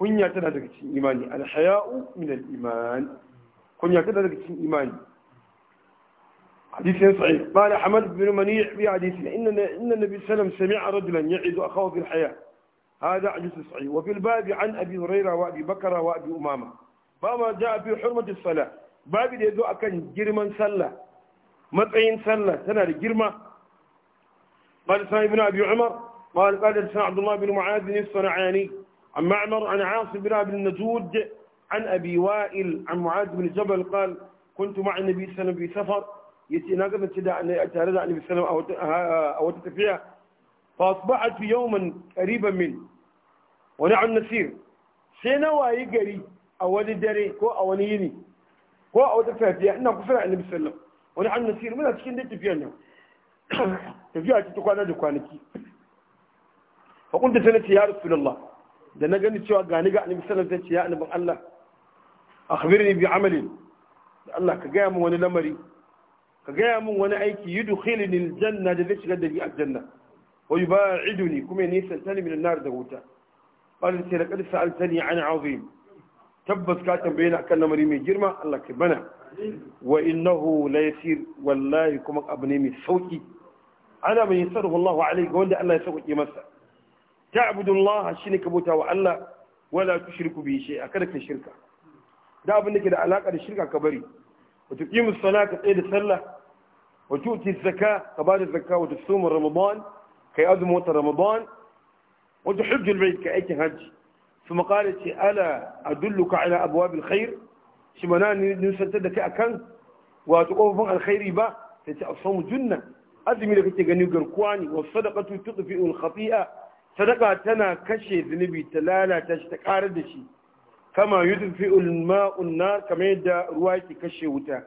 kunya tana daga cikin imani al-haya'u min al-iman kunya tana daga cikin imani حديث صحيح قال حمد بن منيع في حديث إن إن النبي صلى الله عليه وسلم سمع رجلا يعد أخاه في الحياة هذا حديث صحيح وفي الباب عن أبي هريرة وأبي بكر وأبي أمامة فما جاء في حرمة الصلاة babu da ya zo akan girman sallah matsayin sallah tana da girma قال سعيد بن أبي عمر قال قال سعيد عبد الله بن معاذ بن الصنعاني عن معمر عن عاصم بن أبي النجود عن أبي وائل عن معاذ بن جبل قال كنت مع النبي صلى الله عليه وسلم في سفر يتناقض تدع أن أتارد عن النبي صلى الله عليه وسلم أو آه، تتفيع فأصبحت في يوما قريبا منه ونعم نسير سنوى يقري أو دري أو أول ko a wata tafiya ina kusa da annabi sallam wani an nasiru muna cikin da tafiyar nan tafiya ce ta da kwanaki fa kunta da na gani cewa gani ga annabi sallam sai ce ya annabin Allah akhbirni bi amali da Allah ka gaya min wani lamari ka gaya min wani aiki yudkhilni aljanna da zai shiga da ni aljanna wa yubaiduni kuma ne santani min nar da wuta qala sai laqad sa'altani an azim tabbas ka tambaye ni akan lamari mai girma Allah ka bana wa innahu la yasir wallahi kuma abu ne mai sauki ana mai yasarhu Allah alai ga wanda Allah ya sauke masa ta'budu Allah shine ka bauta wa Allah wala tushriku bi shay kada ka shirka da abin da ke da alaka da shirka ka bari wa tuqimu salata tsaye da sallah wa tu'ti zakka ka bada zakka wa tusuma ramadan kai azumin watan ramadan wa tuhajju al-bayt ka aikin hajji ثم قالت ألا أدلك على أبواب الخير شمنا نسلتدك أكن وتقوف الخير با تتصوم جنة أزمي لك تغني قرقواني والصدقة تطفئ الخطيئة صدقة تنا كشي ذنبي تلالا تشتكار دشي كما يطفئ الماء النار كما يدى رواية كشي وتا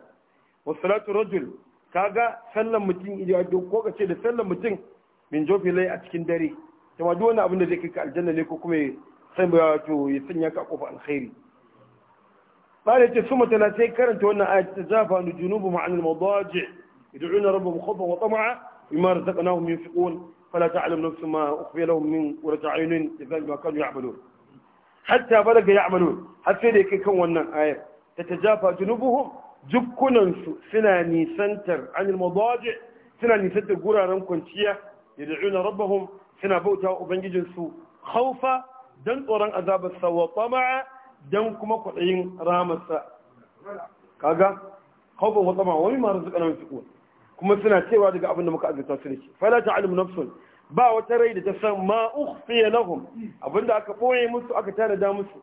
والصلاة الرجل كاغا سلم متين إذا أدوك وقت سلم متين من جوفي لي أتكين داري كما دون أبن ذكرك الجنة لكم sai mu wato ya sanya ka kofa alkhairi bala ce suma tana sai karanta wannan ayat ta zafa nu junubu ma'an al-mawdaji yad'una rabbahum khawfan wa tama'a bima razaqnahum yunfiqun fala ta'lamu nafsun ma ukhfiya lahum min qurrati a'yunin jazaa'a bima kanu ya'malun hatta balaga ya'malun har sai da kai kan wannan ayat ta tajafa junubuhum jukkunansu suna nisantar an al-mawdaji suna nisantar guraren kwanciya yad'una rabbahum suna bauta ubangijinsu khawfa don tsoron azabarsa wa tsama'a don kuma kwaɗayin ramarsa kaga kawban wa tsama'a wani ma rasu ƙananan fiko kuma suna cewa daga abin da muka azurta su da shi fala ta alim nafsun ba wata rai da ta san ma ukhfiya lahum abinda aka boye musu aka da musu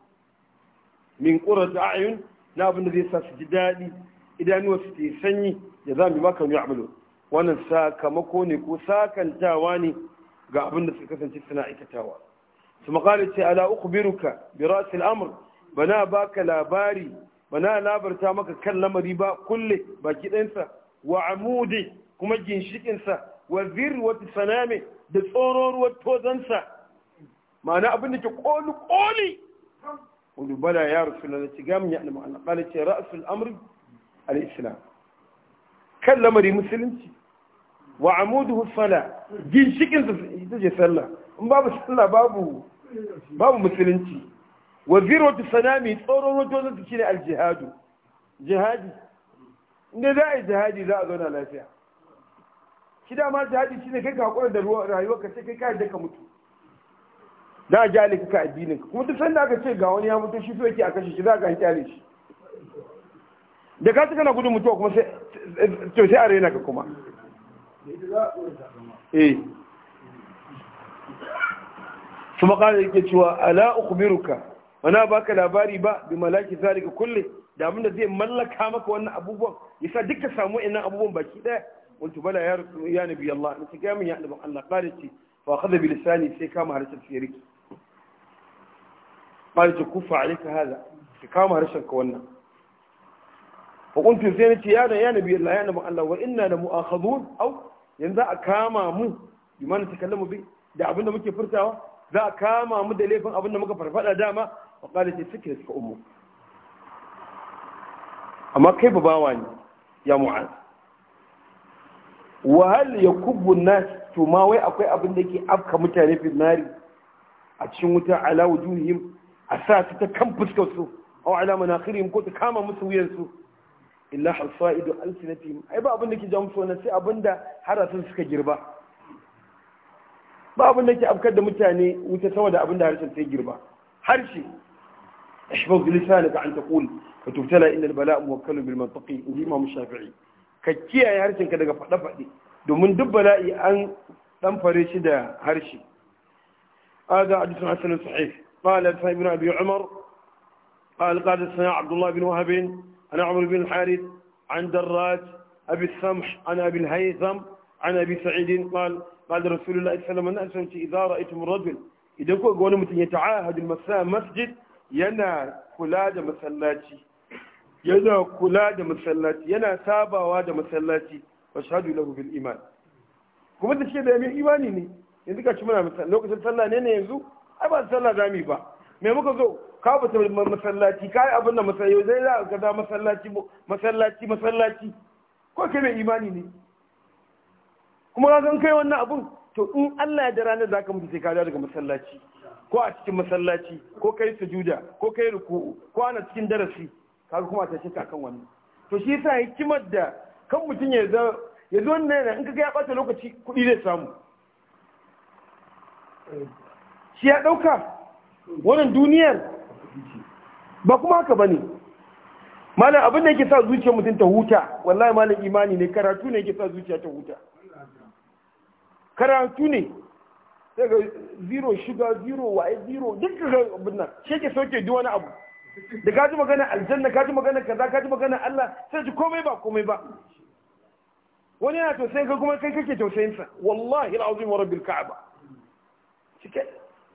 min qurrati a'yun na abinda zai sa su ji daɗi idanuwa su ke sanyi da za mu maka ya amalu wannan sakamako ne ko sakantawa ne ga abinda suka kasance suna aikatawa ثم قال ce ala uku bi ras al amr bana baka labari bana labarta maka kan lamari ba kulle baki dinsa wa amudi kuma ginshikin sa wa sanami da tsororo wa tozan sa ma'ana abin da ke koli koli wani ya rasu na ci gamin ya alma ana kala ce ra'asul amri kan lamari musulunci wa amudu hussala ginshikin ita je sallah in babu sallah babu babu musulunci wa zirwatu sanami tsoron rojo su ne aljihadu jihadi inda za a yi jihadi za a zauna lafiya shi dama jihadi shine kai ka haƙura da rayuwa ka ce kai ka yadda ka mutu za a jale ka addinin ka kuma duk sanda aka ce ga wani ya mutu shi so yake a kashe shi za a ka kyale shi da ka kana gudun mutuwa kuma sai sai a rena ka kuma eh kuma ƙara yake cewa ala ukhbiruka wana baka labari ba bi malaki zalika kulli da abinda zai mallaka maka wannan abubuwan yasa duka samu ina abubuwan baki daya wato bala ya rasu ya nabi Allah in ga min ya nabi Allah ƙara ce fa khadha bi lisani sai kama harshen sirri ƙara ce kufa alika hada sai kama harshen ka wannan fa kuntu sai nace ya ya nabi Allah ya nabi Allah wa inna la mu'akhadun au yanzu a kama mu bi man takallamu bi da abinda muke furtawa za a kama mu da laifin abinda da muka farfada dama a qala suke suka umu amma kai ba bawa ne ya mu'an Wahal ya kubu na to akwai abin da ke afka mutane fi nari a cikin wuta ala wujuhim a sa su ta kan fuskar su aw ala manakhirihim ko ta kama musu wuyan su illa hasaidu alsinatihim ai ba abin da ke jamusu wannan sai abin da haratun suka girba ba abin da ke afkar da mutane wuta sama da abin da harshen sai girba harshe ihfaz lisanaka an taqul fa tubtala inna al-bala'a muwakkalun bil mantaqi inji imam shafi'i ka kiyaye harshen ka daga fada fade domin duk bala'i an dan fare shi da harshe هذا حديث حسن صحيح قال ابن ابي عمر قال قال سنا عبد الله بن وهب عن عمرو بن الحارث عن دراج أبي السمح عن أبي الهيثم عن أبي سعيد قال قال رسول الله صلى الله عليه وسلم إذا رأيتم الرجل إذا كو قولي متن يتعاهد المساء مسجد ينا كلا da shi da yamin ne yanzu ka ci muna lokacin sallah ba sallah muka zo ka fita masallaci kai abin da masallaci zai za ka da masallaci masallaci masallaci mai imani ne kuma ka san kai wannan abun to in Allah ya da ranar za ka mutu sai ka dawo daga masallaci ko a cikin masallaci ko kai sujuda ko kai ruku'u ko ana cikin darasi ga kuma ta shika kan wannan to shi yasa hikimar da kan mutum ya zo ya zo ne in ga ya bata lokaci kuɗi zai samu shi ya ɗauka wannan duniyar ba kuma haka bane malam abin da yake sa zuciyar mutum ta huta wallahi malam imani ne karatu ne yake sa zuciya ta huta karatu ne sai ga zero shiga zero waye zero duk ga abin nan shi ke sauke duk wani abu da ka ji magana aljanna ka ji magana kaza ka ji magana Allah sai ji komai ba komai ba wani yana tausayin ka kuma kai kake tausayin sa wallahi alazim wa rabbil ka'aba shike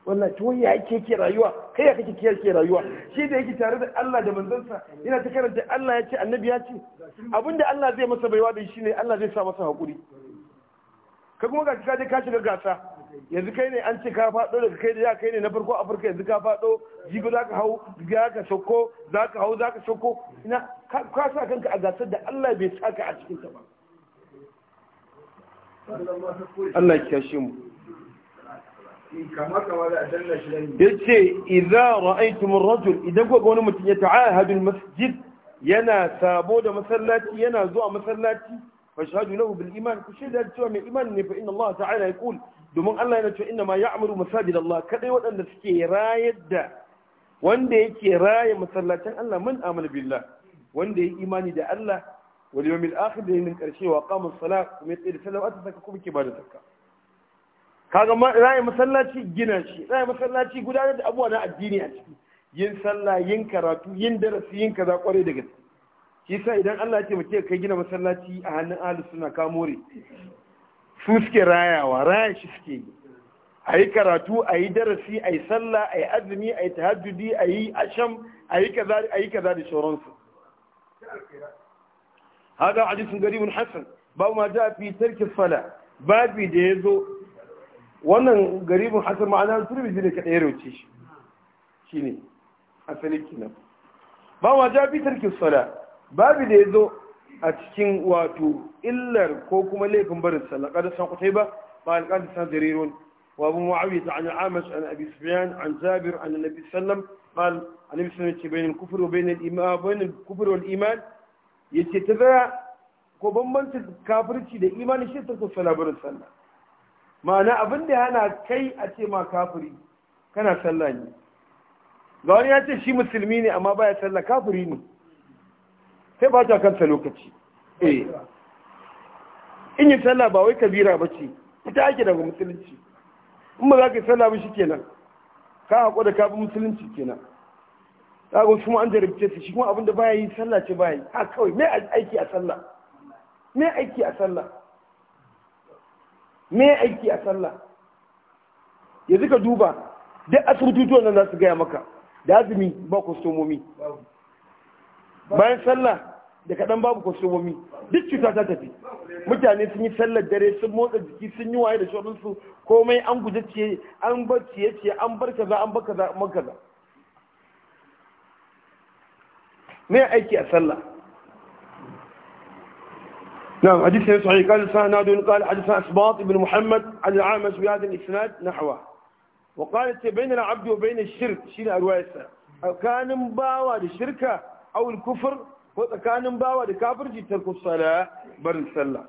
wallahi to ya yake ke rayuwa kai ya kake kiyar ke rayuwa shi da yake tare da Allah da manzansa yana ta karanta Allah ya ce annabi ya ce abinda Allah zai masa baiwa da shi ne Allah zai sa masa hakuri ka kuma ga ka je ka shiga gasa yanzu kai ne an ce ka faɗo daga kai da ya kai ne na farko afirka yanzu ka faɗo jigo za ka hau za ka shakko za ka hau za ka shakko ina ka sa kanka a gasar da allah bai sa ka a cikin ta ba allah ya kyashe mu ya ce idan ra'aitumin rajul idan kuka wani mutum ya ta'ahadul masjid yana sabo da masallaci yana zuwa masallaci fashhadu lahu bil iman ku shaida cewa mai iman ne fa inna Allah ta'ala yaqul domin Allah yana cewa inna ma ya'muru masajid Allah kadai waɗanda suke rayar da wanda yake raye masallatan Allah mun amal billah wanda yake imani da Allah wal yawmil akhir da yin karshe wa qama as da ta saka kuma ke ba da zakka kaga raye masallaci gina shi raye masallaci gudanar da abubuwa na addini a ciki yin sallah yin karatu yin darasi yin kaza da gaske shi sa idan Allah ya taimake kai gina masallaci a hannun ahlus sunna ka more su suke rayawa raya shi suke yi a yi karatu a yi darasi a yi sallah a yi azumi a yi tahajjudi a yi asham a yi kaza a yi kaza da shauransu hada gari garibun hasan babu ma ja fi tarki sala babi da ya zo wannan garibun hasan ma'ana turbizi da kaɗai rauce shi shine asali kenan babu ma ja fi tarki sala babu da ya zo a cikin wato illar ko kuma laifin barin sallaka da san kutai ba ba alƙadar san jariron wa bin wa'awiyar ta Ana amas an abi sufiyan an zabir an nabi sallam bal anabi sallam ce bayanin kufur wa bayanin iman bayanin kufur iman ya ce ta zaya ko bambancin kafirci da imani shi ta kusa labarin sallah ma'ana abin da hana kai a ce ma kafiri kana sallah ne ga wani ya ce shi musulmi ne amma baya sallah kafiri ne sai ba ta kanta lokaci eh in yi sallah ba wai kabira ba ce ita ake daga musulunci in ba za ka yi sallah ba shi kenan ka haƙo da kafin musulunci kenan ta ga kuma an jarabce su shi kuma abin da baya yi sallah ce baya yi ha kawai me aiki a sallah me aiki a sallah me aiki a sallah yanzu ka duba duk asibitotuwan nan za su gaya maka da azumi ba kwastomomi bayan sallah da kaɗan babu kwastomomi duk cuta ta tafi mutane sun yi sallar dare sun motsa jiki sun yi waye da shorinsu komai an guje ciye an bar ciye ciye an bar kaza an bar kaza an bar kaza me aiki a sallah نعم حديث صحيح قال سناد قال حديث اسباط بن محمد عن العامش بهذا الاسناد نحوه وقالت بين العبد وبين الشرك شنو الروايه كان مباوى للشركه أو الكفر وكان باوى لكافر ترك الصلاة بر السلة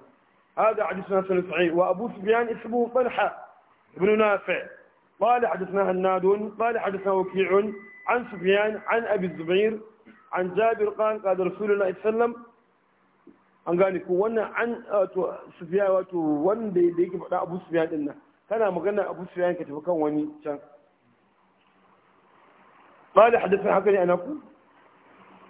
هذا حدثنا سنة صحيح وأبو سفيان اسمه طلحة بن نافع قال حدثنا هناد قال حدثنا وكيع عن سفيان عن أبي الزبير عن جابر قال قال رسول الله صلى الله عليه وسلم an gane ko wannan an wato sufiya wato wanda da yake faɗa abu sufiya din nan kana magana abu sufiya ka tafi kan wani can قال حدثنا حكى انا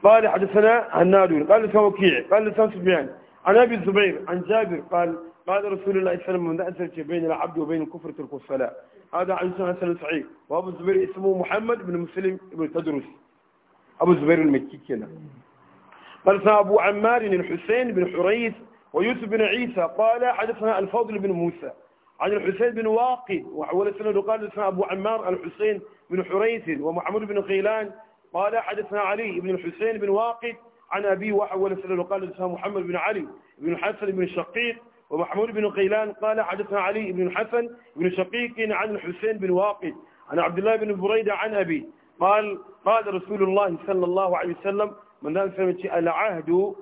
قال حدثنا هناد قال لسان وكيع قال لسان سفيان عن ابي الزبير عن جابر قال قال رسول الله صلى الله عليه وسلم من بين العبد وبين الكفر ترك الصلاه هذا عن سنه صحيح وابو الزبير اسمه محمد بن مسلم بن تدرس ابو الزبير المكي كنا قال ابو عمار الحسين بن حريث ويوسف بن عيسى قال حدثنا الفضل بن موسى عن الحسين بن واقد وعول السند قال لسان ابو عمار الحسين بن حريث ومحمود بن خيلان قال حدثنا علي بن الحسين بن واقد عن أبي وحول السلام وقال حدثنا محمد بن علي بن الحسن بن الشقيق ومحمود بن قيلان قال حدثنا علي بن الحسن بن شقيق عن الحسين بن واقد عن عبد الله بن بريدة عن أبي قال قال رسول الله صلى الله عليه وسلم من ذلك سمعت العهد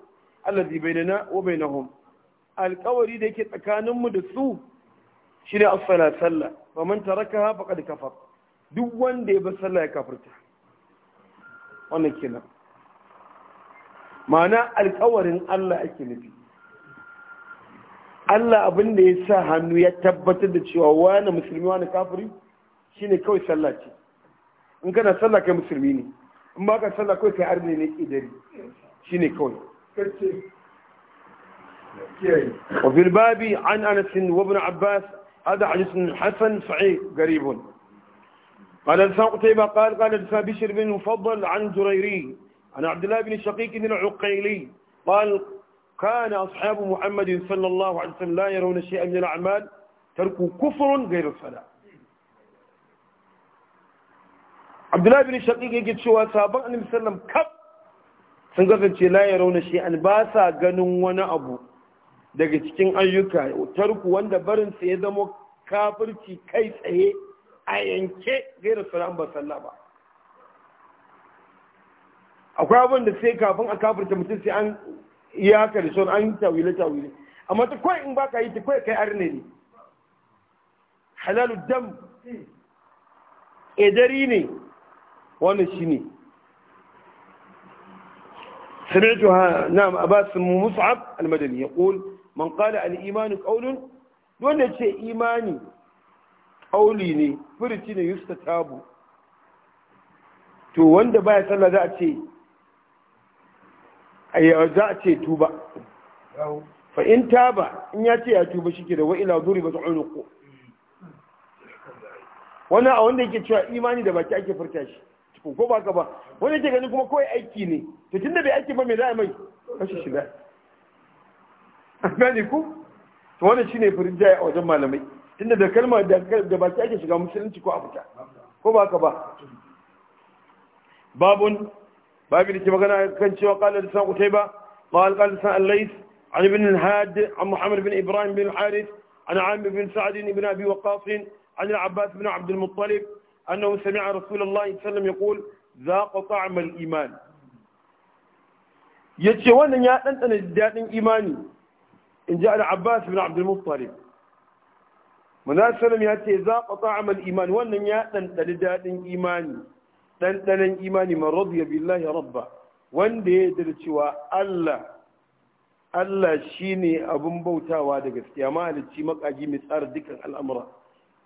الذي بيننا وبينهم alkawari da كان tsakaninmu مدسو su الصلاة صلى ومن تركها فقد كفر man tarakaha faqad kafar wannan kenan ma'ana alkawarin Allah ake nufi Allah abin da ya sa hannu ya tabbatar da cewa wani musulmi wani kafiri shine kawai sallah ce in kana sallah kai musulmi ne in ba ka sallah kawai kai arne ne idari shine kawai وفي الباب عن انس وابن عباس هذا حديث حسن صحيح قريب قال لسان قتيبة قال قال لسان بشر بن مفضل عن جريري عن عبد الله بن شقيق بن العقيلي قال كان أصحاب محمد صلى الله عليه وسلم لا يرون شيئا من الأعمال تركوا كفر غير الصلاة عبد الله بن شقيق يجد شوى سابق النبي صلى الله عليه وسلم كب sun kasance laye rauna shi an ba sa ganin wani abu daga cikin ayyuka tarku wanda barinsa ya zama kafirci kai tsaye a yanke gaira suna ba sallah ba akwai abin da sai kafin a kafirta mutum sai an ya kare sun an yi tawile tawile amma ta kawai in baka yi ta kawai kai arne ne halalu dam edari ne wani shi ne سمعتها نعم أباس مصعب المدني يقول من قال الإيمان قول wanda ce imani. Auli ne furici ne yusta tabu to wanda baya sallah za a ce za a ce tuba fa in taba in ya ce ya tuba shi ke da wa'ila zuri ba su unuku wannan a wanda yake cewa imani da baki ake furta shi cikin ko baka ba wani yake gani kuma kawai aiki ne to tunda bai aiki ba me za a mai kashi shiga gane ku to wannan shine furinjaya a wajen malamai tunda da kalmar da baki ake shiga musulunci ko a ko ba ka ba babun babu da ke magana kan cewa kala da san kutai ba ma alƙal da san allais an ibn al-had an muhammad bin ibrahim bin harith an am bin sa'ad ibn abi waqas an al-abbas bin abd al-muttalib annahu sami'a rasulullahi sallallahu alaihi yaqul zaqa ta'am al-iman yace wannan ya dandana dadin imani in ji al-abbas bin abd al-muttalib manzon ya ce za qata'ama al-iman wannan ya ɗanɗani daɗin imani ɗanɗanon imani man radiya billahi rabba wanda ya yarda cewa Allah Allah shine abin bautawa da gaskiya mahalicci makaji mai tsara dukkan al'amura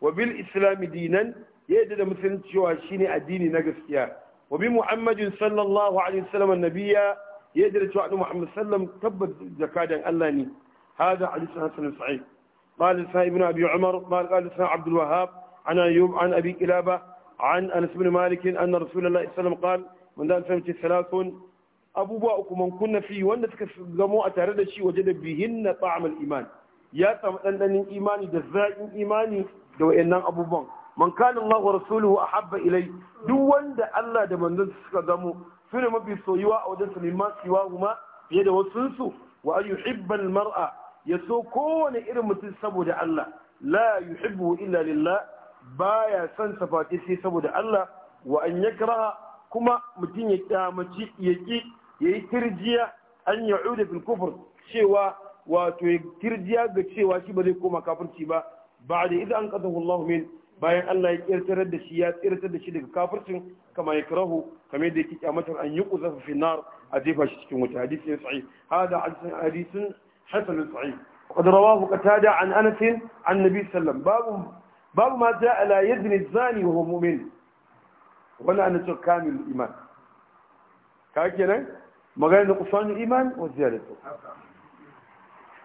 wa bil islami dinan ya yi da musulunci cewa shine addini na gaskiya wa bi muhammadin sallallahu alaihi wasallam annabiya ya yarda da cewa Muhammad sallam tabbata zakadan Allah ne hada hadisi hasan sahih قال لسنا ابن أبي عمر قال قال لسنا عبد الوهاب عن أيوب عن أبي كلابة عن أنس بن مالك أن رسول الله صلى الله عليه وسلم قال من ذا سمت ثلاث أبوبا من كنا فيه وأن تكسموا أتردد شيء وجد بهن طعم الإيمان يا تمتن إيماني دزاء إيماني دو إنان أبوبا man kana Allah wa rasuluhu ahabba ilai duk wanda Allah da manzon suka zamo su ne mafi soyuwa a wajen su mimma siwa huma fiye da wasu su wa an yuhibba mar'a ya so kowane irin mutum saboda Allah la yuhibbu illa lillah baya son safati sai saboda Allah wa an yakraha kuma mutum ya kyamaci ya ki yayi tirjiya an ya'uda fil kufr cewa wato ya tirjiya ga cewa shi ba zai koma kafirci ba ba'da idan an qadahu Allah min bayan Allah ya kirtarar da shi ya tsirtar da shi daga kafircin kama ya karahu kamar yadda yake kyamatar an yi kuzafa fi a jefa shi cikin wuta hadisi ya hada hadisin حسن صحيح وقد رواه قتادة عن أنس عن النبي صلى الله عليه وسلم باب باب ما جاء لا يزني الزاني وهو مؤمن وانا أن كامل الإيمان كاكينا مغانا نقصان الإيمان وزيادته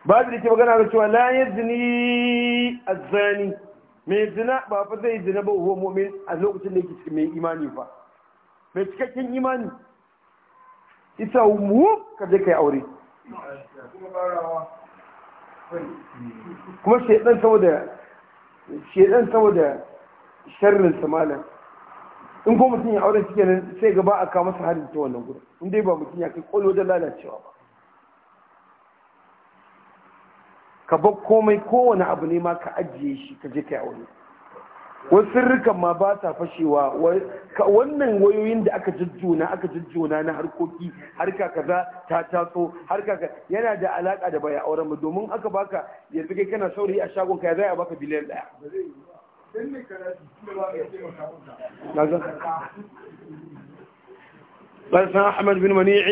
babu da ke magana ga cewa la yazni azzani mai zina ba fa zina ba huwa a lokacin da yake cikin mai imani fa mai cikakken imani isa mu ka je kai aure kuma shaidan saboda shaidan saboda sharrin samanin in ko mutum ya aure cike nan sai gaba a kawo masa harin ta wannan gudu in dai ba mutum ya kai kwallo da lalacewa ba ka bar komai kowane abu ne ma ka ajiye shi ka je kai aure wasu sirrikan ma ba ta fashewa wannan wayoyin da aka jujjuna aka jujjuna na harkoki harka kaza ta taso harka ka yana da alaka da baya auren mu domin aka baka yanzu kai kana saurayi a shagon ka ya zai a baka biliyan daya قال سنة أحمد بن منيع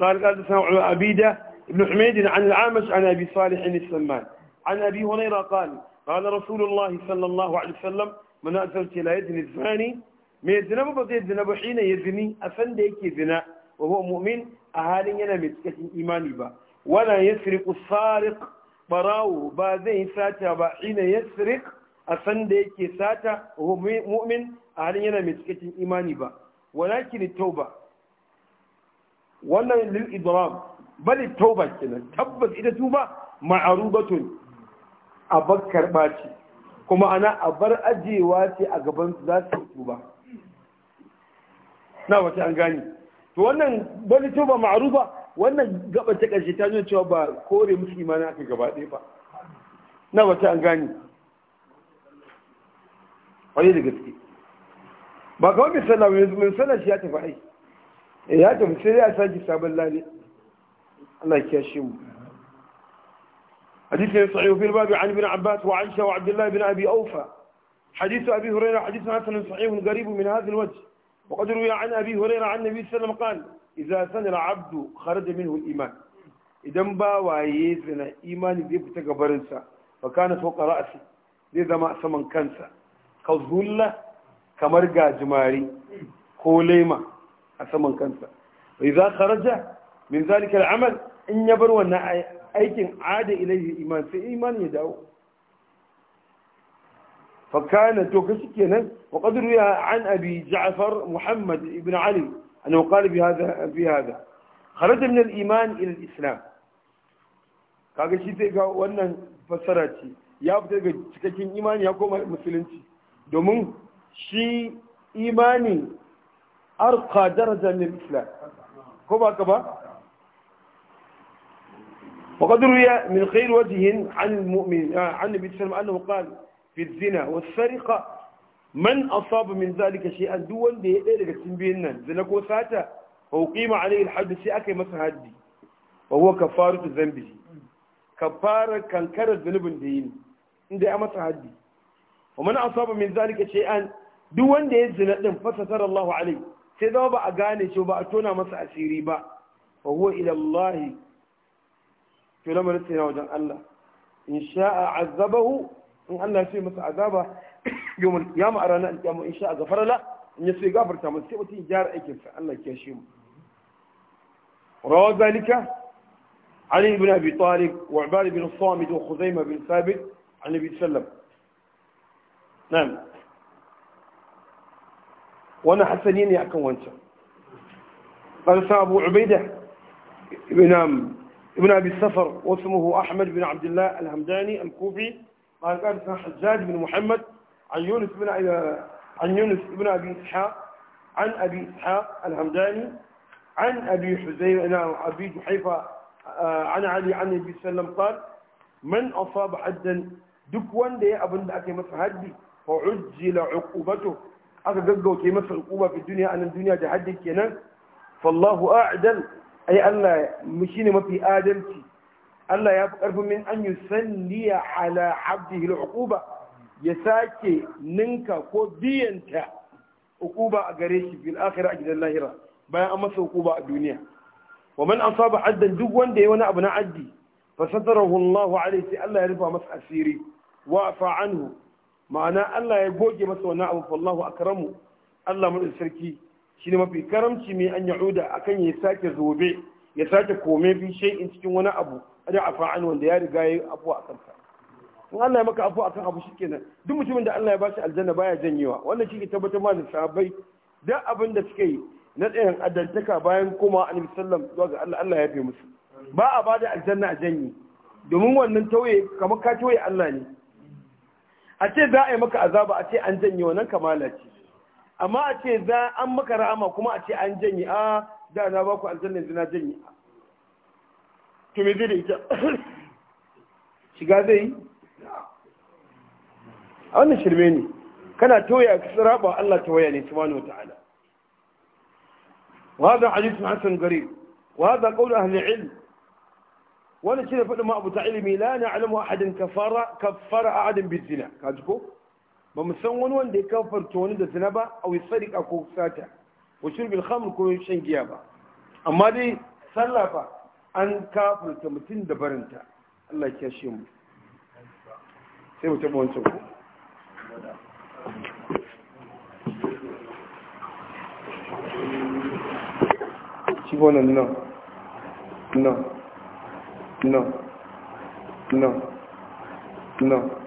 قال قال سنة عبيدة بن حميد عن العامش عن أبي صالح السمان عن أبي هريرة قال قال رسول الله صلى الله عليه وسلم من أزلت لا يزني الزاني ما يزنى ما بزي يزنى بحين يزني أفن ديك يزنى وهو مؤمن أهالي ينا متكت إيماني با ولا يسرق السارق براو بازي ساتا بحين يسرق أفن ديك ساتا وهو مؤمن أهالي ينا متكت إيماني با ولكن التوبة ولا للإضرام بل التوبة كنا تبت إذا توبة معروبة a bar karɓa ce kuma ana a bar ajiyewa ce a gaban su za su yi ba na wata an gani to wannan wani to ba ba wannan gaba ta ƙarshe ta nuna cewa ba kore musu imana aka gaba ɗaya ba na wata an gani wani da gaske ba kawai mai sallah mai sallah shi ya tafi ai eh, ya tafi sai ya sake sabon lalai. Allah ya kiyashe mu حديث صحيح في الباب عن ابن عباس وعائشة وعبد الله بن أبي أوفى حديث أبي هريرة حديث حسن صحيح قريب من هذا الوجه وقد روي عن أبي هريرة عن النبي صلى الله عليه وسلم قال إذا سن العبد خرج منه الإيمان إذا با وايزنا إيمان ذي بتكبرنسا فكان فوق رأسي ذي ما سمن كنسا كظلة كمرقى جماري كوليما أسمن كنسا وإذا خرج من ذلك العمل إن يبر aikin ada ilayhi iman sai iman ya dawo fakana kana to kashi kenan wa qadru ya abi ja'far muhammad ibn ali annahu qala bi hadha bi hadha iman ila islam kaga shi sai ga wannan fasara ce ya fita daga cikakken imani ya koma musulunci domin shi imani arqa daraja min islam ko ba ka ba وقد روي من خير وجه عن المؤمن عن النبي صلى الله عليه وسلم أنه قال في الزنا والسرقة من أصاب من ذلك شيئا دون دي إيه لك تنبيهنا زنك وساتا وقيم عليه الحد سيأكي مثل هدي وهو كفارة ذنبه كفارة كنكر الذنب دين إن دي أمثل هدي ومن أصاب من ذلك شيئا دون دي زنا فستر الله عليه sai zama ba a gane shi ba a tona masa asiri ba wa huwa ilallahi في لما نسينا وجن الله إن شاء عذبه إن الله شيء مس عذابه يوم القيامة أرانا أنت يوم إن شاء غفر له إن يسوي قبر تام السيء جار أكيد فالله كيشيم روى ذلك علي بن أبي طالب وعبالي بن الصامد وخزيمة بن ثابت عن النبي صلى الله نعم وانا حسنين يا كونت قال ابو عبيده بن نعم. ابن أبي السفر واسمه أحمد بن عبد الله الهمداني الكوفي قال كان حجاج بن محمد عن يونس بن عن يونس بن أبي إسحاق عن أبي إسحاق الهمداني عن أبي حزين أبي جحيفة آه، عن علي عن النبي صلى الله عليه وسلم قال من أصاب حدا دكوا wanda ya abin da فعجل عقوبته masa haddi fa ujjila uqubatu aka gaggauta masa uquba fi dunya anan duniya da ai Allah shi ne mafi adalci Allah ya fi ƙarfin min an yusalliya ala abdihi ya sake ninka ko biyanta uquba a gare shi bil akhirah a gidan lahira bayan an masa uquba a duniya wa man asaba addan duk wanda ya wani abu na addi fa satarahu Allah alayhi sai Allah ya rufa masa asiri wa fa anhu ma'ana Allah ya goge masa wannan abu fallahu akramu Allah mu sarki ne mafi karamci mai an a akan ya sake zobe ya sake kome bi shay'in cikin wani abu A da afa an wanda ya riga ya yi abu a kanta in Allah ya maka abu kan abu shi kenan. duk mutumin da Allah ya bashi aljanna ba ya janyewa wannan shi ke tabbatar ma da sahabbai duk abin da suka yi na tsayin adaltaka bayan koma annabi sallam zuwa ga Allah Allah ya fi musu ba a bada aljanna a janye domin wannan tauye kamar ka tauye Allah ne a ce za a yi maka azaba a ce an janye wannan kamala ce amma a ce za an maka rahama kuma a ce an janyi a da na ba ku aljanna yanzu na janyi a to me zai da ita shiga zai yi a wannan shirme ne kana toya ka tsiraba Allah ta waya ne subhanahu wata'ala wa hadha hadith hasan gari wa hadha qawl ahli ilm wani shi ne faɗin ma'abuta ilimi la na alamu ahadin kafara kafara ahadin bizina ka ji ko ba mu san wani wanda ya kafarta wani da zina ba a wai sadika ko sata wa shirbil khamr ko shan giya ba amma dai sallah fa an kafarta mutum da barinta Allah ya kashe mu sai mu taba wancan ku shi wannan nan nan nan nan nan